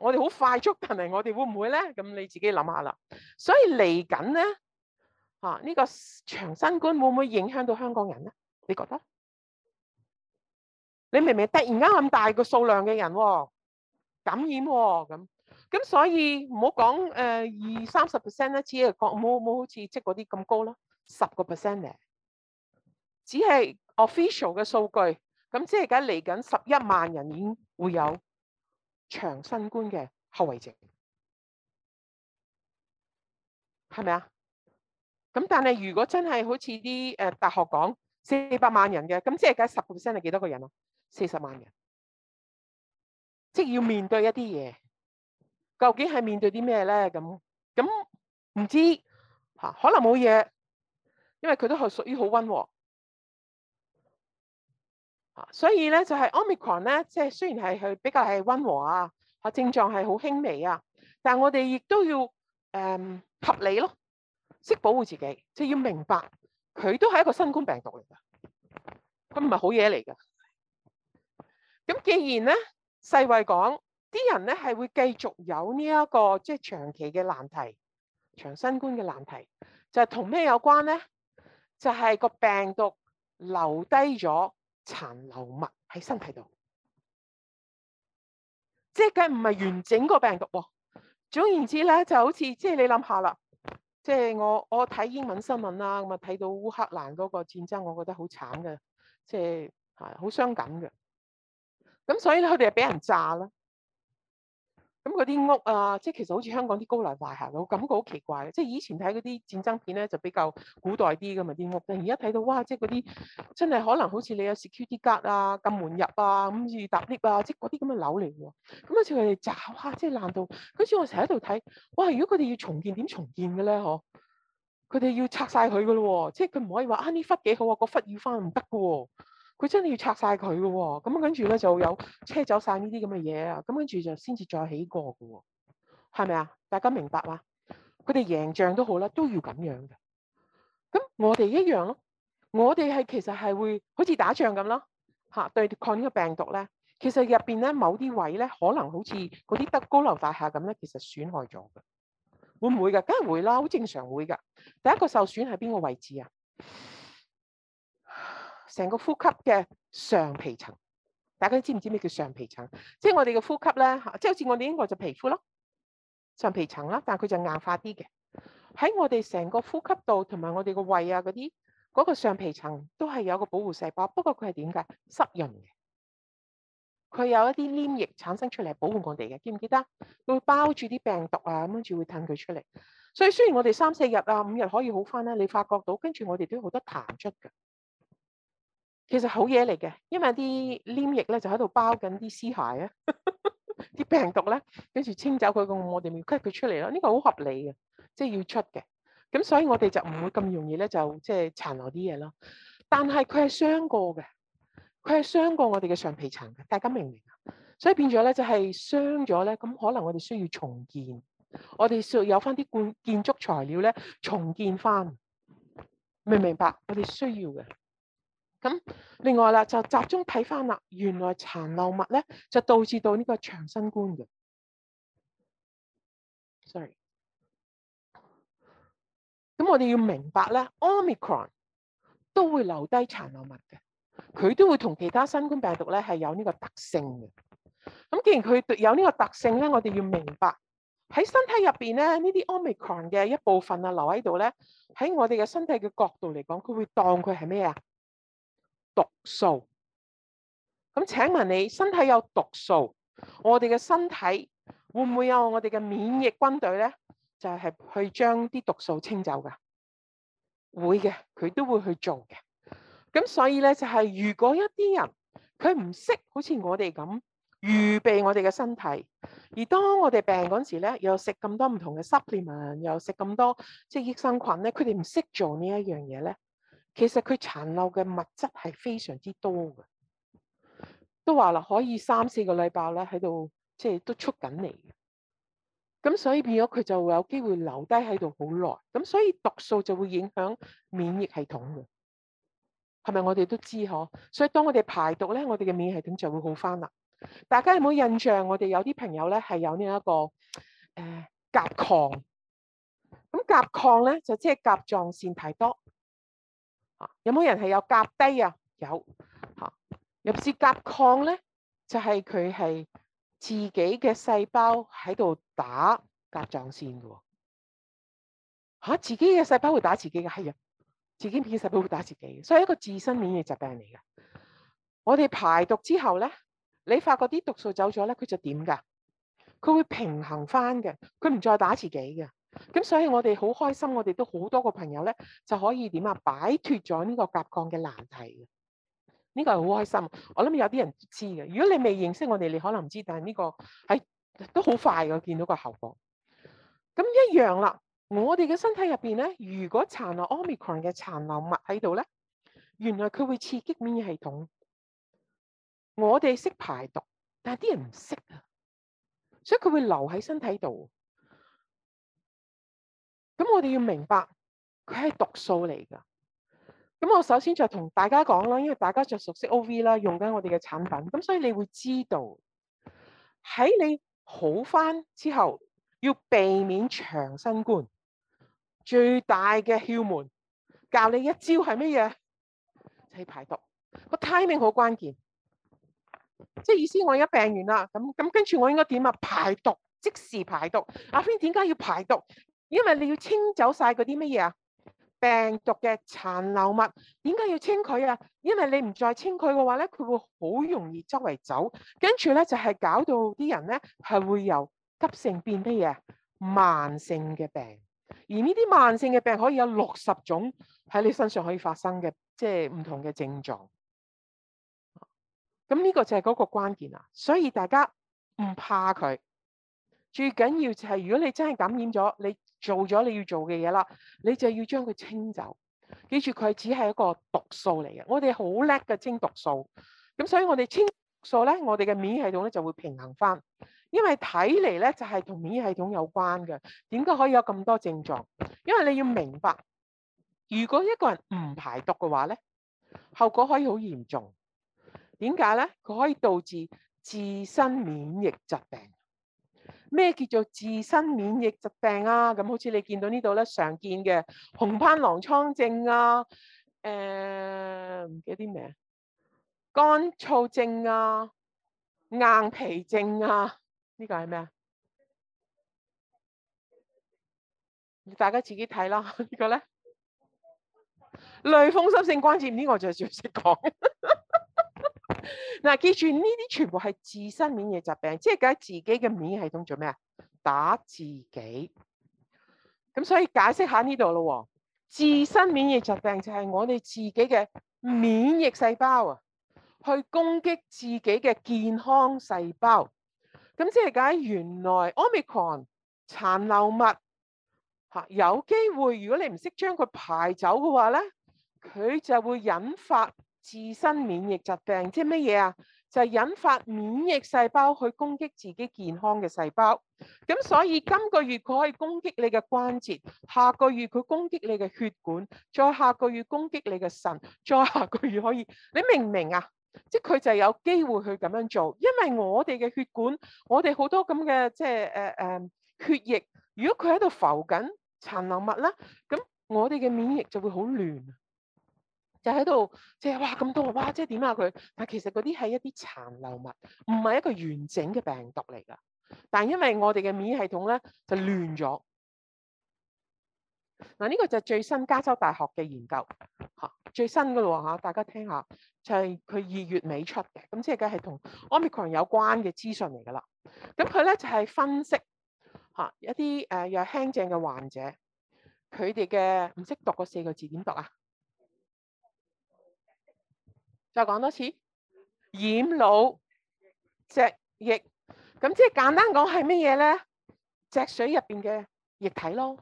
我哋好快速，但係？我哋會唔會咧？咁你自己諗下啦。所以嚟緊咧，啊呢、這個長新冠會唔會影響到香港人咧？你覺得？你明明突然間咁大個數量嘅人、哦、感染喎、哦，咁咁所以唔好講誒二三十 percent 啦，只係講冇冇好似即嗰啲咁高啦、啊，十個 percent 咧，只係 official 嘅數據。咁即係而家嚟緊十一萬人已經會有長新冠嘅後遺症，係咪啊？咁但係如果真係好似啲誒大學講？四百萬人嘅，咁即係計十 percent 係幾多個人啊？四十萬人，即係要面對一啲嘢，究竟係面對啲咩咧？咁咁唔知吓，可能冇嘢，因為佢都係屬於好溫和啊。所以咧，就係 omicron 咧，即係雖然係佢比較係溫和啊，啊症狀係好輕微啊，但係我哋亦都要誒、嗯、合理咯，識保護自己，即係要明白。佢都係一個新冠病毒嚟㗎，佢唔係好嘢嚟㗎。咁既然咧，世衛講啲人咧係會繼續有呢、這、一個即係、就是、長期嘅難題，長新冠嘅難題，就係同咩有關咧？就係、是、個病毒留低咗殘留物喺身體度，即係佢唔係完整個病毒喎。總言之咧，就好似即係你諗下啦。即係我我睇英文新聞啦，睇到烏克蘭嗰個戰爭，我覺得好慘㗎，即係好傷感㗎。咁所以呢，他佢哋係俾人炸啦。咁嗰啲屋啊，即係其實好似香港啲高樓大廈咯，感覺好奇怪嘅。即係以前睇嗰啲戰爭片咧，就比較古代啲咁嘅啲屋。但而家睇到哇，即係嗰啲真係可能好似你有時 c 啲格啊、咁門入啊、咁住搭 lift 啊，即係嗰啲咁嘅樓嚟嘅。咁好似佢哋炸下，即係爛到，好似我成日喺度睇哇。如果佢哋要重建，點重建嘅咧？嗬，佢哋要拆晒佢嘅咯。即係佢唔可以話啊呢忽幾好啊，嗰、那、忽、個、要翻唔得嘅喎。佢真係要拆晒佢嘅喎，咁跟住咧就有車走晒呢啲咁嘅嘢啊，咁跟住就先至再起過嘅喎，係咪啊？大家明白嘛？佢哋贏仗都好啦，都要咁樣嘅。咁我哋一樣咯，我哋係其實係會好似打仗咁咯，嚇對抗呢個病毒咧，其實入邊咧某啲位咧可能好似嗰啲德高樓大廈咁咧，其實損害咗嘅，會唔會㗎？梗係會啦，好正常會㗎。第一個受損係邊個位置啊？成個呼吸嘅上皮層，大家知唔知咩叫上皮層？即係我哋嘅呼吸咧，即係好似我哋英國就皮膚咯，上皮層啦，但係佢就硬化啲嘅。喺我哋成個呼吸道同埋我哋個胃啊嗰啲，嗰個上皮層都係有個保護細胞，不過佢係點解？濕潤嘅，佢有一啲黏液產生出嚟保護我哋嘅，記唔記得？佢會包住啲病毒啊，咁樣住會噴佢出嚟。所以雖然我哋三四日啊五日可以好翻啦，你發覺到跟住我哋都好多痰出㗎。其實好嘢嚟嘅，因為啲黏液咧就喺度包緊啲屍骸啊，啲 [laughs] 病毒咧，跟住清走佢個，我哋咪 get 佢出嚟咯。呢個好合理嘅，即係要出嘅。咁所以我哋就唔會咁容易咧，就即係殘留啲嘢咯。但係佢係傷過嘅，佢係傷過我哋嘅上皮層嘅。大家明唔明啊？所以變咗咧就係傷咗咧，咁可能我哋需要重建，我哋需要有翻啲建建築材料咧重建翻。明唔明白？我哋需要嘅。咁另外啦，就集中睇翻啦，原來殘留物咧就導致到呢個長新冠嘅。sorry。咁我哋要明白咧，Omicron 都會留低殘留物嘅，佢都會同其他新冠病毒咧係有呢個特性嘅。咁既然佢有呢個特性咧，我哋要明白喺身體入邊咧，呢啲 Omicron 嘅一部分啊，留喺度咧，喺我哋嘅身體嘅角度嚟講，佢會當佢係咩啊？毒素咁。請問你身體有毒素，我哋嘅身體會唔會有我哋嘅免疫軍隊咧？就係去將啲毒素清走噶會嘅，佢都會去做嘅。咁所以咧，就係如果一啲人佢唔識，好似我哋咁預備我哋嘅身體，而當我哋病嗰時咧，又食咁多唔同嘅 supplement，又食咁多即係益生菌咧，佢哋唔識做呢一樣嘢咧。其實佢殘留嘅物質係非常之多嘅，都話啦，可以三四個禮拜咧喺度，即係都出緊嚟。咁所以變咗佢就會有機會留低喺度好耐。咁所以毒素就會影響免疫系統嘅，係咪我哋都知嗬，所以當我哋排毒咧，我哋嘅免疫系統就會好翻啦。大家有冇印象？我哋有啲朋友咧係有呢一個誒甲亢，咁甲亢咧就即係甲狀腺太多。有冇人係有甲低、啊、有有吓，入治甲亢呢，就係佢係自己嘅細胞喺度打甲狀腺㗎喎、啊。自己嘅細胞會打自己㗎，係啊，自己的細胞會打自己的，所以一個自身免疫疾病嚟噶。我哋排毒之後呢，你發覺啲毒素走咗呢，佢就點噶？佢會平衡翻嘅，佢唔再打自己嘅。咁所以，我哋好開心，我哋都好多個朋友咧，就可以點啊擺脫咗呢個甲亢嘅難題。呢、這個係好開心，我諗有啲人知嘅。如果你未認識我哋，你可能唔知。但係呢、這個係、哎、都好快嘅，見到個效果。咁一樣啦，我哋嘅身體入邊咧，如果殘留 Omicron 嘅殘留物喺度咧，原來佢會刺激免疫系統。我哋識排毒，但係啲人唔識啊，所以佢會留喺身體度。咁我哋要明白佢係毒素嚟㗎。咁我首先就同大家講啦，因為大家就熟悉 OV 啦，用緊我哋嘅產品，咁所以你會知道喺你好返之後，要避免長新冠。最大嘅竅門，教你一招係乜嘢？係、就是、排毒，個 timing 好關鍵。即係意思，我而家病完啦，咁咁跟住我應該點啊？排毒，即時排毒。阿軒點解要排毒？因為你要清走晒嗰啲乜嘢啊？病毒嘅殘留物，點解要清佢啊？因為你唔再清佢嘅話咧，佢會好容易周圍走，跟住咧就係、是、搞到啲人咧係會有急性變乜嘢慢性嘅病，而呢啲慢性嘅病可以有六十種喺你身上可以發生嘅，即係唔同嘅症狀。咁呢個就係嗰個關鍵啦。所以大家唔怕佢，最緊要就係如果你真係感染咗，你。做咗你要做嘅嘢啦，你就要將佢清走。記住佢只係一個毒素嚟嘅，我哋好叻嘅清毒素。咁所以我哋清毒素咧，我哋嘅免疫系統咧就會平衡翻。因為睇嚟咧就係同免疫系統有關嘅，點解可以有咁多症狀？因為你要明白，如果一個人唔排毒嘅話咧，後果可以好嚴重。點解咧？佢可以導致自身免疫疾病。咩叫做自身免疫疾病啊？咁好似你見到這裏呢度咧，常見嘅紅斑狼瘡症啊，誒、呃、唔記得啲咩，乾燥症啊，硬皮症啊，呢、這個係咩啊？大家自己睇啦。這個、呢個咧，類風濕性關節炎，這個、我就係最識講。 [laughs] 嗱，記住呢啲全部係自身免疫疾病，即係解自己嘅免疫系統做咩啊？打自己。咁所以解釋下呢度咯。自身免疫疾病就係我哋自己嘅免疫細胞啊，去攻擊自己嘅健康細胞。咁即係解原來 Omicron 殘留物吓，有機會如果你唔識將佢排走嘅話咧，佢就會引發。自身免疫疾病即係咩嘢啊？就係引發免疫細胞去攻擊自己健康嘅細胞。咁所以今個月佢可以攻擊你嘅關節，下個月佢攻擊你嘅血管，再下個月攻擊你嘅腎，再下個月可以。你明唔明啊？即係佢就有機會去咁樣做，因為我哋嘅血管，我哋好多咁嘅即係誒誒血液，如果佢喺度浮緊殘留物啦，咁我哋嘅免疫就會好亂。就喺度，即係哇咁多，哇即係點啊佢？但其實嗰啲係一啲殘留物，唔係一個完整嘅病毒嚟噶。但因為我哋嘅免疫系統咧就亂咗。嗱呢個就係最新加州大學嘅研究嚇，最新噶咯喎嚇，大家聽下，就係佢二月尾出嘅。咁即係梗係同 Omicron 有關嘅資訊嚟噶啦。咁佢咧就係、是、分析嚇一啲誒又輕症嘅患者，佢哋嘅唔識讀個四個字點讀啊？再講多次，染腦脊液，咁即係簡單講係乜嘢咧？脊水入邊嘅液體咯，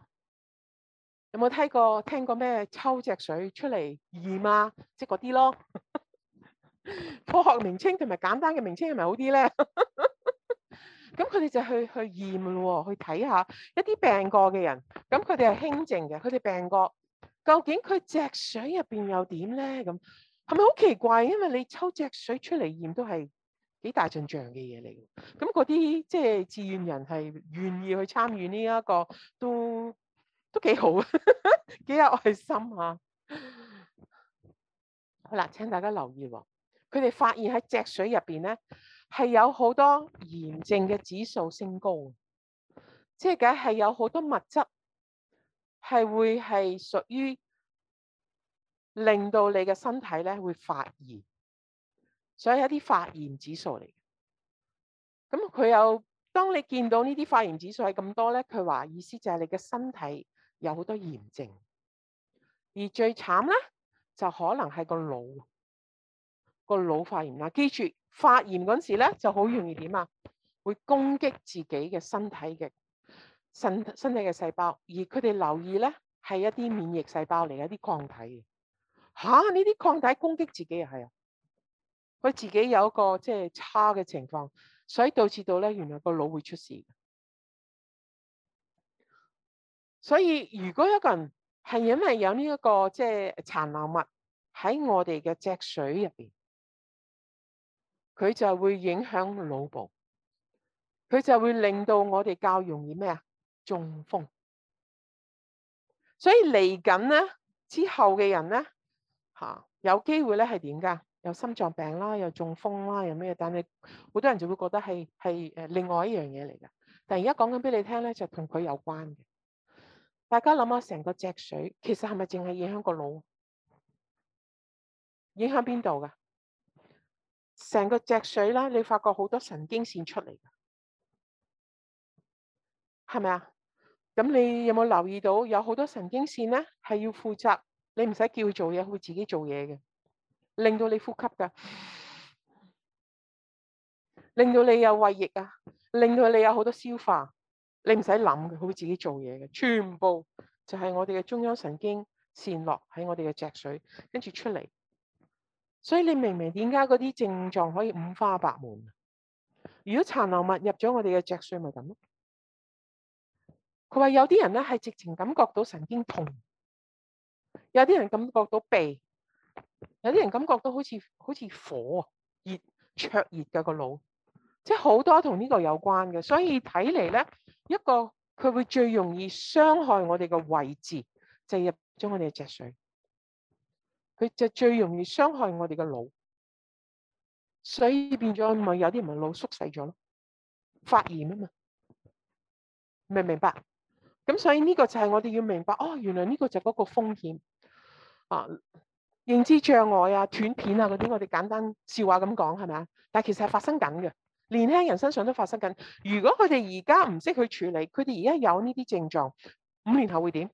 有冇睇過聽過咩抽脊水出嚟驗啊？即係嗰啲咯，科 [laughs] 學名稱同埋簡單嘅名稱係咪好啲咧？咁佢哋就去去驗咯，去睇下一啲病過嘅人，咁佢哋係輕症嘅，佢哋病過，究竟佢脊水入邊又點咧？咁。係咪好奇怪？因為你抽脊水出嚟驗都係幾大陣仗嘅嘢嚟。咁嗰啲即係志願人係願意去參與呢、這、一個，都都幾好， [laughs] 幾有愛心嚇、啊。好啦，請大家留意喎、哦，佢哋發現喺脊水入邊咧，係有好多炎症嘅指數升高，即係梗係有好多物質係會係屬於。令到你嘅身體咧會發炎，所以係啲發炎指數嚟嘅。咁佢又當你見到呢啲發炎指數係咁多咧，佢話意思就係你嘅身體有好多炎症，而最慘咧就可能係個腦，個腦發炎啦。記住發炎嗰時咧就好容易點啊，會攻擊自己嘅身體嘅身身體嘅細胞，而佢哋留意咧係一啲免疫細胞嚟嘅，一啲抗體嘅。吓、啊！呢啲抗體攻擊自己啊，係啊，佢自己有一個即係、就是、差嘅情況，所以導致到咧，原來個腦會出事。所以如果一個人係因為有呢、這、一個即係殘留物喺我哋嘅脊髓入邊，佢就會影響腦部，佢就會令到我哋較容易咩啊中風。所以嚟緊咧之後嘅人咧。啊，有機會咧，係點噶？有心臟病啦，有中風啦，有咩？但係好多人就會覺得係係誒另外一樣嘢嚟噶。但而家講緊俾你聽咧，就同佢有關嘅。大家諗下成個脊髓，其實係咪淨係影響個腦？影響邊度噶？成個脊髓啦，你發覺好多神經線出嚟噶，係咪啊？咁你有冇留意到有好多神經線咧係要負責？你唔使叫佢做嘢，佢會自己做嘢嘅，令到你呼吸噶，令到你有胃液啊，令到你有好多消化，你唔使諗，佢會自己做嘢嘅，全部就係我哋嘅中央神經線落喺我哋嘅脊髓跟住出嚟，所以你明明點解嗰啲症狀可以五花八門？如果殘留物入咗我哋嘅脊髓，咪咁咯。佢話有啲人咧係直情感覺到神經痛。有啲人感覺到鼻，有啲人感覺到好似好似火啊，熱灼熱嘅個腦，即係好多同呢個有關嘅，所以睇嚟咧，一個佢會最容易傷害我哋嘅位置，就係、入咗我哋只水，佢就最容易傷害我哋嘅腦，所以變咗咪有啲咪腦縮細咗咯，發炎啊嘛，明唔明白？咁所以呢個就係我哋要明白哦，原來呢個就係嗰個風險啊，認知障礙啊、斷片啊嗰啲，我哋簡單笑話咁講係咪啊？但係其實係發生緊嘅，年輕人身上都發生緊。如果佢哋而家唔識去處理，佢哋而家有呢啲症狀，五年後會點？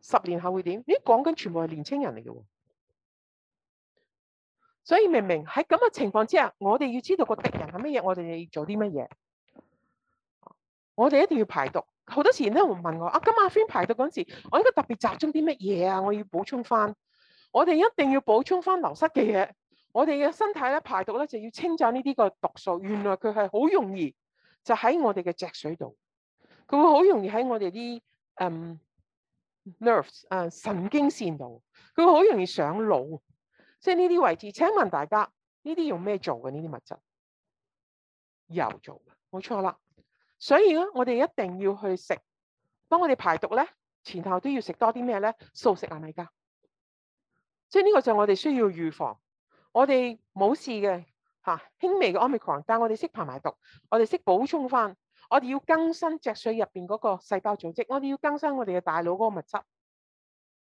十年後會點？呢啲講緊全部係年青人嚟嘅，所以明明喺咁嘅情況之下，我哋要知道個敵人係乜嘢，我哋要做啲乜嘢？我哋一定要排毒。好多時咧，我問我啊，今阿飛排毒嗰陣時，我應該特別集中啲乜嘢啊？我要補充翻，我哋一定要補充翻流失嘅嘢。我哋嘅身體咧，排毒咧，就要清走呢啲個毒素。原來佢係好容易就喺我哋嘅脊髓度，佢會好容易喺我哋啲誒、um, nerves 誒、uh, 神經線度，佢會好容易上腦，即係呢啲位置。請問大家呢啲用咩做嘅？呢啲物質油做，冇錯啦。所以咧，我哋一定要去食，幫我哋排毒咧，前頭都要食多啲咩咧？素食咪噶，即係呢個就係我哋需要預防。我哋冇事嘅，吓、啊、輕微嘅安眠狂，但係我哋識排埋毒，我哋識補充翻，我哋要更新脊髓入邊嗰個細胞組織，我哋要更新我哋嘅大腦嗰個物質，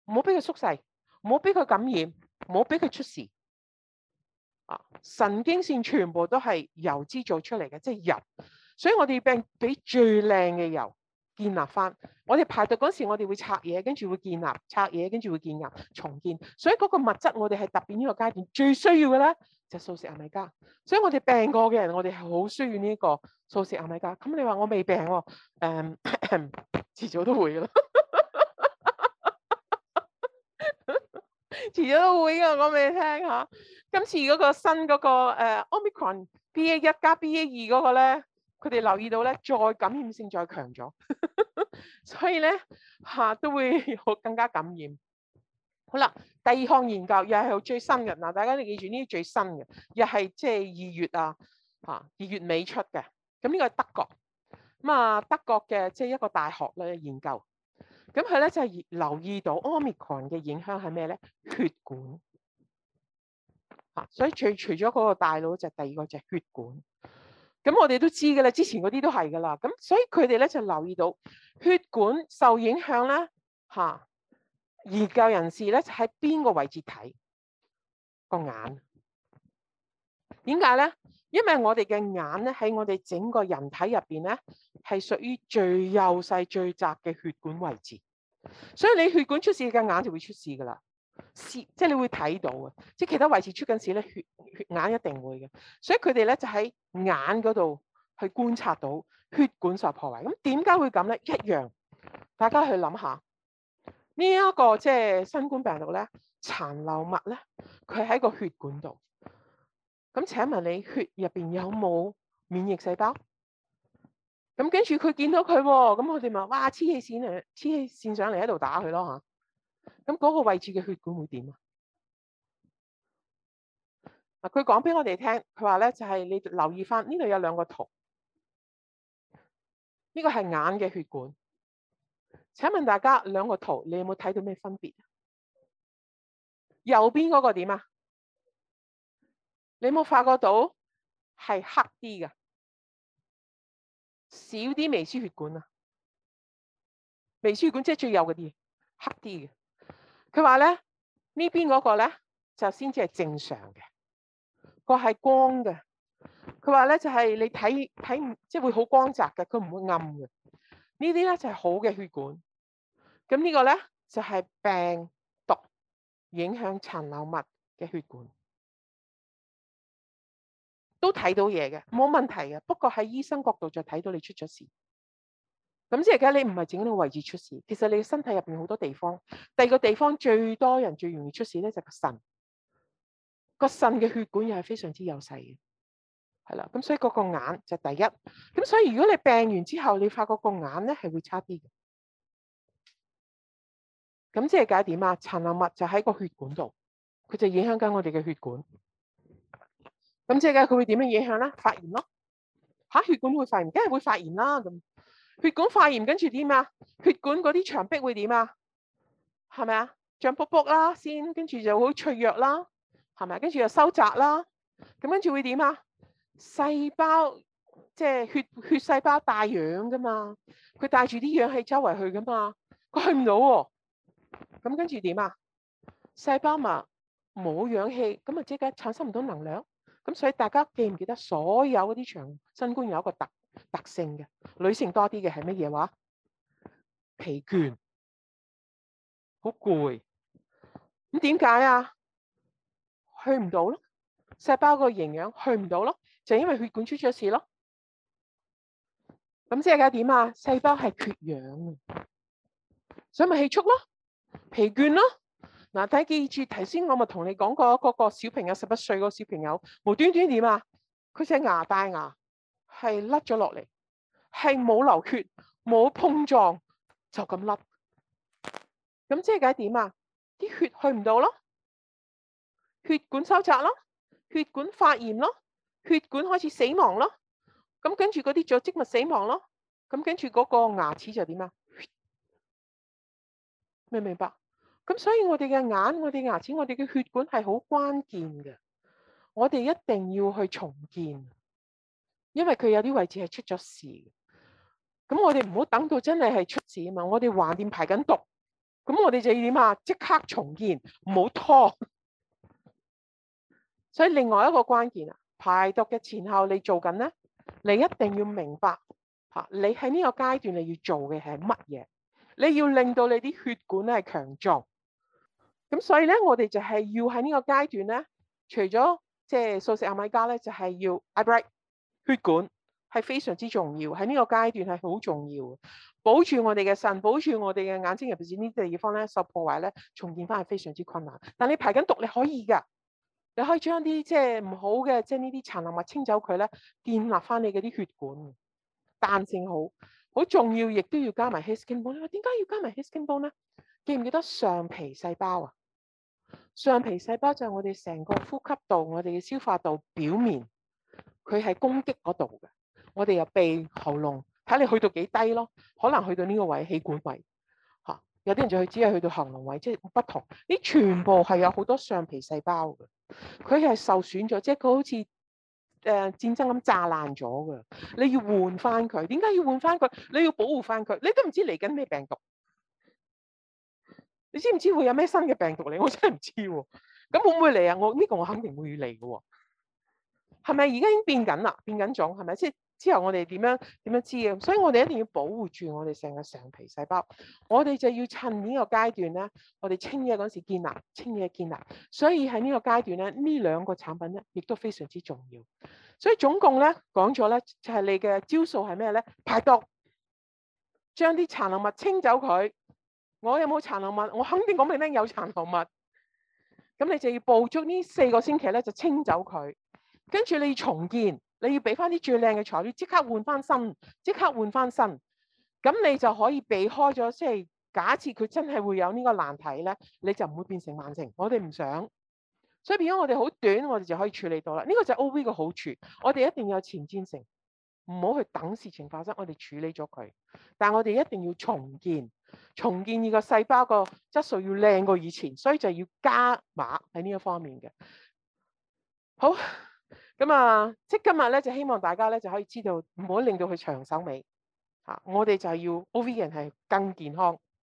唔好俾佢縮細，唔好俾佢感染，唔好俾佢出事。啊，神經線全部都係油脂做出嚟嘅，即係油。所以我哋病俾最靚嘅油建立翻。我哋排毒嗰時，我哋會拆嘢，跟住會建立；拆嘢，跟住會建立重建。所以嗰個物質，我哋係特別呢個階段最需要嘅咧，就是、素食亞米加。所以我哋病過嘅人，我哋係好需要呢個素食亞米加。咁你話我未病喎、啊？誒、嗯、遲早都會咯。遲 [laughs] 早都會噶，我講俾你聽吓、啊。今次嗰個新嗰、那個誒、呃、Omicron B A 一加 B A 二嗰個咧。佢哋留意到咧，再感染性再強咗，所以咧嚇都會有更加感染。好啦，第二項研究又係最新嘅嗱，大家都記住呢啲最新嘅，又係即係二月啊嚇二月尾出嘅。咁呢個係德國咁啊，德國嘅即係一個大學咧研究。咁佢咧就係留意到奧密克戎嘅影響係咩咧？血管嚇，所以最除除咗嗰個大腦，就係、第二個就係血管。咁我哋都知噶啦，之前嗰啲都係噶啦，咁所以佢哋咧就留意到血管受影響咧嚇，研、啊、究人士咧就喺邊個位置睇個眼？點解咧？因為我哋嘅眼咧喺我哋整個人體入邊咧係屬於最幼細最窄嘅血管位置，所以你血管出事，嘅眼就會出事噶啦。即係你會睇到嘅，即係其他位置出緊事咧，血血眼一定會嘅，所以佢哋咧就喺眼嗰度去觀察到血管受破壞。咁點解會咁咧？一樣，大家去諗下呢一個即係新冠病毒咧殘留物咧，佢喺個血管度。咁請問你血入邊有冇免疫細胞？咁跟住佢見到佢喎，咁佢哋咪哇黐氣線嚟，黐氣線上嚟喺度打佢咯嚇。咁嗰個位置嘅血管會點啊？嗱，佢講俾我哋聽，佢話咧就係你留意翻呢度有兩個圖，呢個係眼嘅血管。請問大家兩個圖，你有冇睇到咩分別？右邊嗰個點啊？你冇發覺到係黑啲嘅，少啲微絲血管啊？微絲血管即係最幼嘅啲，黑啲嘅。佢話咧呢邊嗰個咧就先至係正常嘅，個係光嘅。佢話咧就係你睇睇即係會好光澤嘅，佢唔會暗嘅。呢啲咧就係好嘅血管。咁呢個咧就係病毒影響殘留物嘅血管，都睇到嘢嘅，冇問題嘅。不過喺醫生角度就睇到你出咗事。咁即係而家你唔係整呢個位置出事，其實你身體入邊好多地方。第二個地方，最多人最容易出事咧就係個腎，個腎嘅血管又係非常之幼細嘅，係啦。咁所以嗰個眼就第一。咁所以如果你病完之後，你發覺個眼咧係會差啲嘅。咁即係而家點啊？殘留物就喺個血管度，佢就影響緊我哋嘅血管。咁即係而家佢會點樣影響咧？發炎咯。吓、啊，血管會發炎梗係會發炎啦咁。血管發炎，跟住點啊？血管嗰啲牆壁會點啊？係咪啊？脹卜卜啦，先跟住就好脆弱啦，係咪？跟住又收窄啦，咁跟住會點，就是，啊？細胞即係血血細胞帶氧噶嘛？佢帶住啲氧氣周圍去噶嘛？佢去唔到喎，咁跟住點啊？細胞嘛冇氧氣，咁啊即刻產生唔到能量，咁所以大家記唔記得所有嗰啲長新冠有一個特？特性嘅女性多啲嘅係乜嘢話？疲倦，好攰。咁點解啊？去唔到咯，細胞個營養去唔到咯，就是、因為血管出咗事咯。咁即係點啊？細胞係缺氧啊，所以咪氣促咯，疲倦咯。嗱，睇記住，頭先我咪同你講過嗰個小朋友十一歲個小朋友，無端端點啊？佢隻牙帶牙。係甩咗落嚟，係冇流血，冇碰撞就咁甩。咁即係解點啊？啲血去唔到咯，血管收窄咯，血管發炎咯，血管開始死亡咯。咁跟住嗰啲組織咪死亡咯。咁跟住嗰個牙齒就點啊？明唔明白？咁所以我哋嘅眼，我哋牙齒、我哋嘅血管係好關鍵嘅。我哋一定要去重建。因為佢有啲位置係出咗事，咁我哋唔好等到真係係出事啊嘛！我哋橫掂排緊毒，咁我哋就要點啊？即刻重建，唔好拖。所以另外一個關鍵啊，排毒嘅前後你做緊咧，你一定要明白啊！你喺呢個階段你要做嘅係乜嘢？你要令到你啲血管咧係強壯。咁所以咧，我哋就係要喺呢個階段咧，除咗即係素食阿米加咧，就係要 ibreak。血管係非常之重要，喺呢個階段係好重要嘅，保住我哋嘅腎，保住我哋嘅眼睛入邊呢啲地方咧，受破壞咧，重建翻係非常之困難。但你排緊毒，你可以的，你可以噶，你可以將啲即係唔好嘅，即係呢啲殘留物清走佢咧，建立翻你嗰啲血管，彈性好，好重要，亦都要加埋 histamine bone。點解要加埋 histamine bone 咧？記唔記得上皮細胞啊？上皮細胞就係我哋成個呼吸道、我哋嘅消化道表面。佢係攻擊嗰度嘅，我哋又鼻、喉嚨，睇你去到幾低咯，可能去到呢個位氣管位，嚇有啲人就去，只係去到喉嚨位，即係不同。你全部係有好多上皮細胞嘅，佢係受損咗，即係佢好似誒戰爭咁炸爛咗嘅。你要換翻佢，點解要換翻佢？你要，你要保護翻佢，你都唔知嚟緊咩病毒。你知唔知會有咩新嘅病毒嚟？我真係唔知喎。咁會唔會嚟啊？我呢個我肯定會嚟嘅喎。係咪而家已經變緊啦？變緊種係咪？即係之後我哋點樣點樣知嘅？所以我哋一定要保護住我哋成個上皮細胞。我哋就要趁呢個階段咧，我哋清嘢嗰時建立，清嘢建立。所以喺呢個階段咧，呢兩個產品咧亦都非常之重要。所以總共咧講咗咧，了就係你嘅招數係咩咧？排毒，將啲殘留物清走佢。我有冇殘留物？我肯定講俾你聽有殘留物。咁你就要捕捉呢四個星期咧，就清走佢。跟住你要重建，你要俾翻啲最靚嘅材料，即刻換翻新，即刻換翻新，咁你就可以避開咗。即係假設佢真係會有呢個難題咧，你就唔會變成慢性。我哋唔想，所以變咗我哋好短，我哋就可以處理到啦。呢個就係 O V 嘅好處。我哋一定有前瞻性，唔好去等事情發生，我哋處理咗佢。但係我哋一定要重建，重建呢個細胞個質素要靚過以前，所以就要加碼喺呢一方面嘅好。咁啊，即今日咧，就希望大家咧就可以知道，唔好令到佢長壽美，我哋就要 O.V. 人係更健康。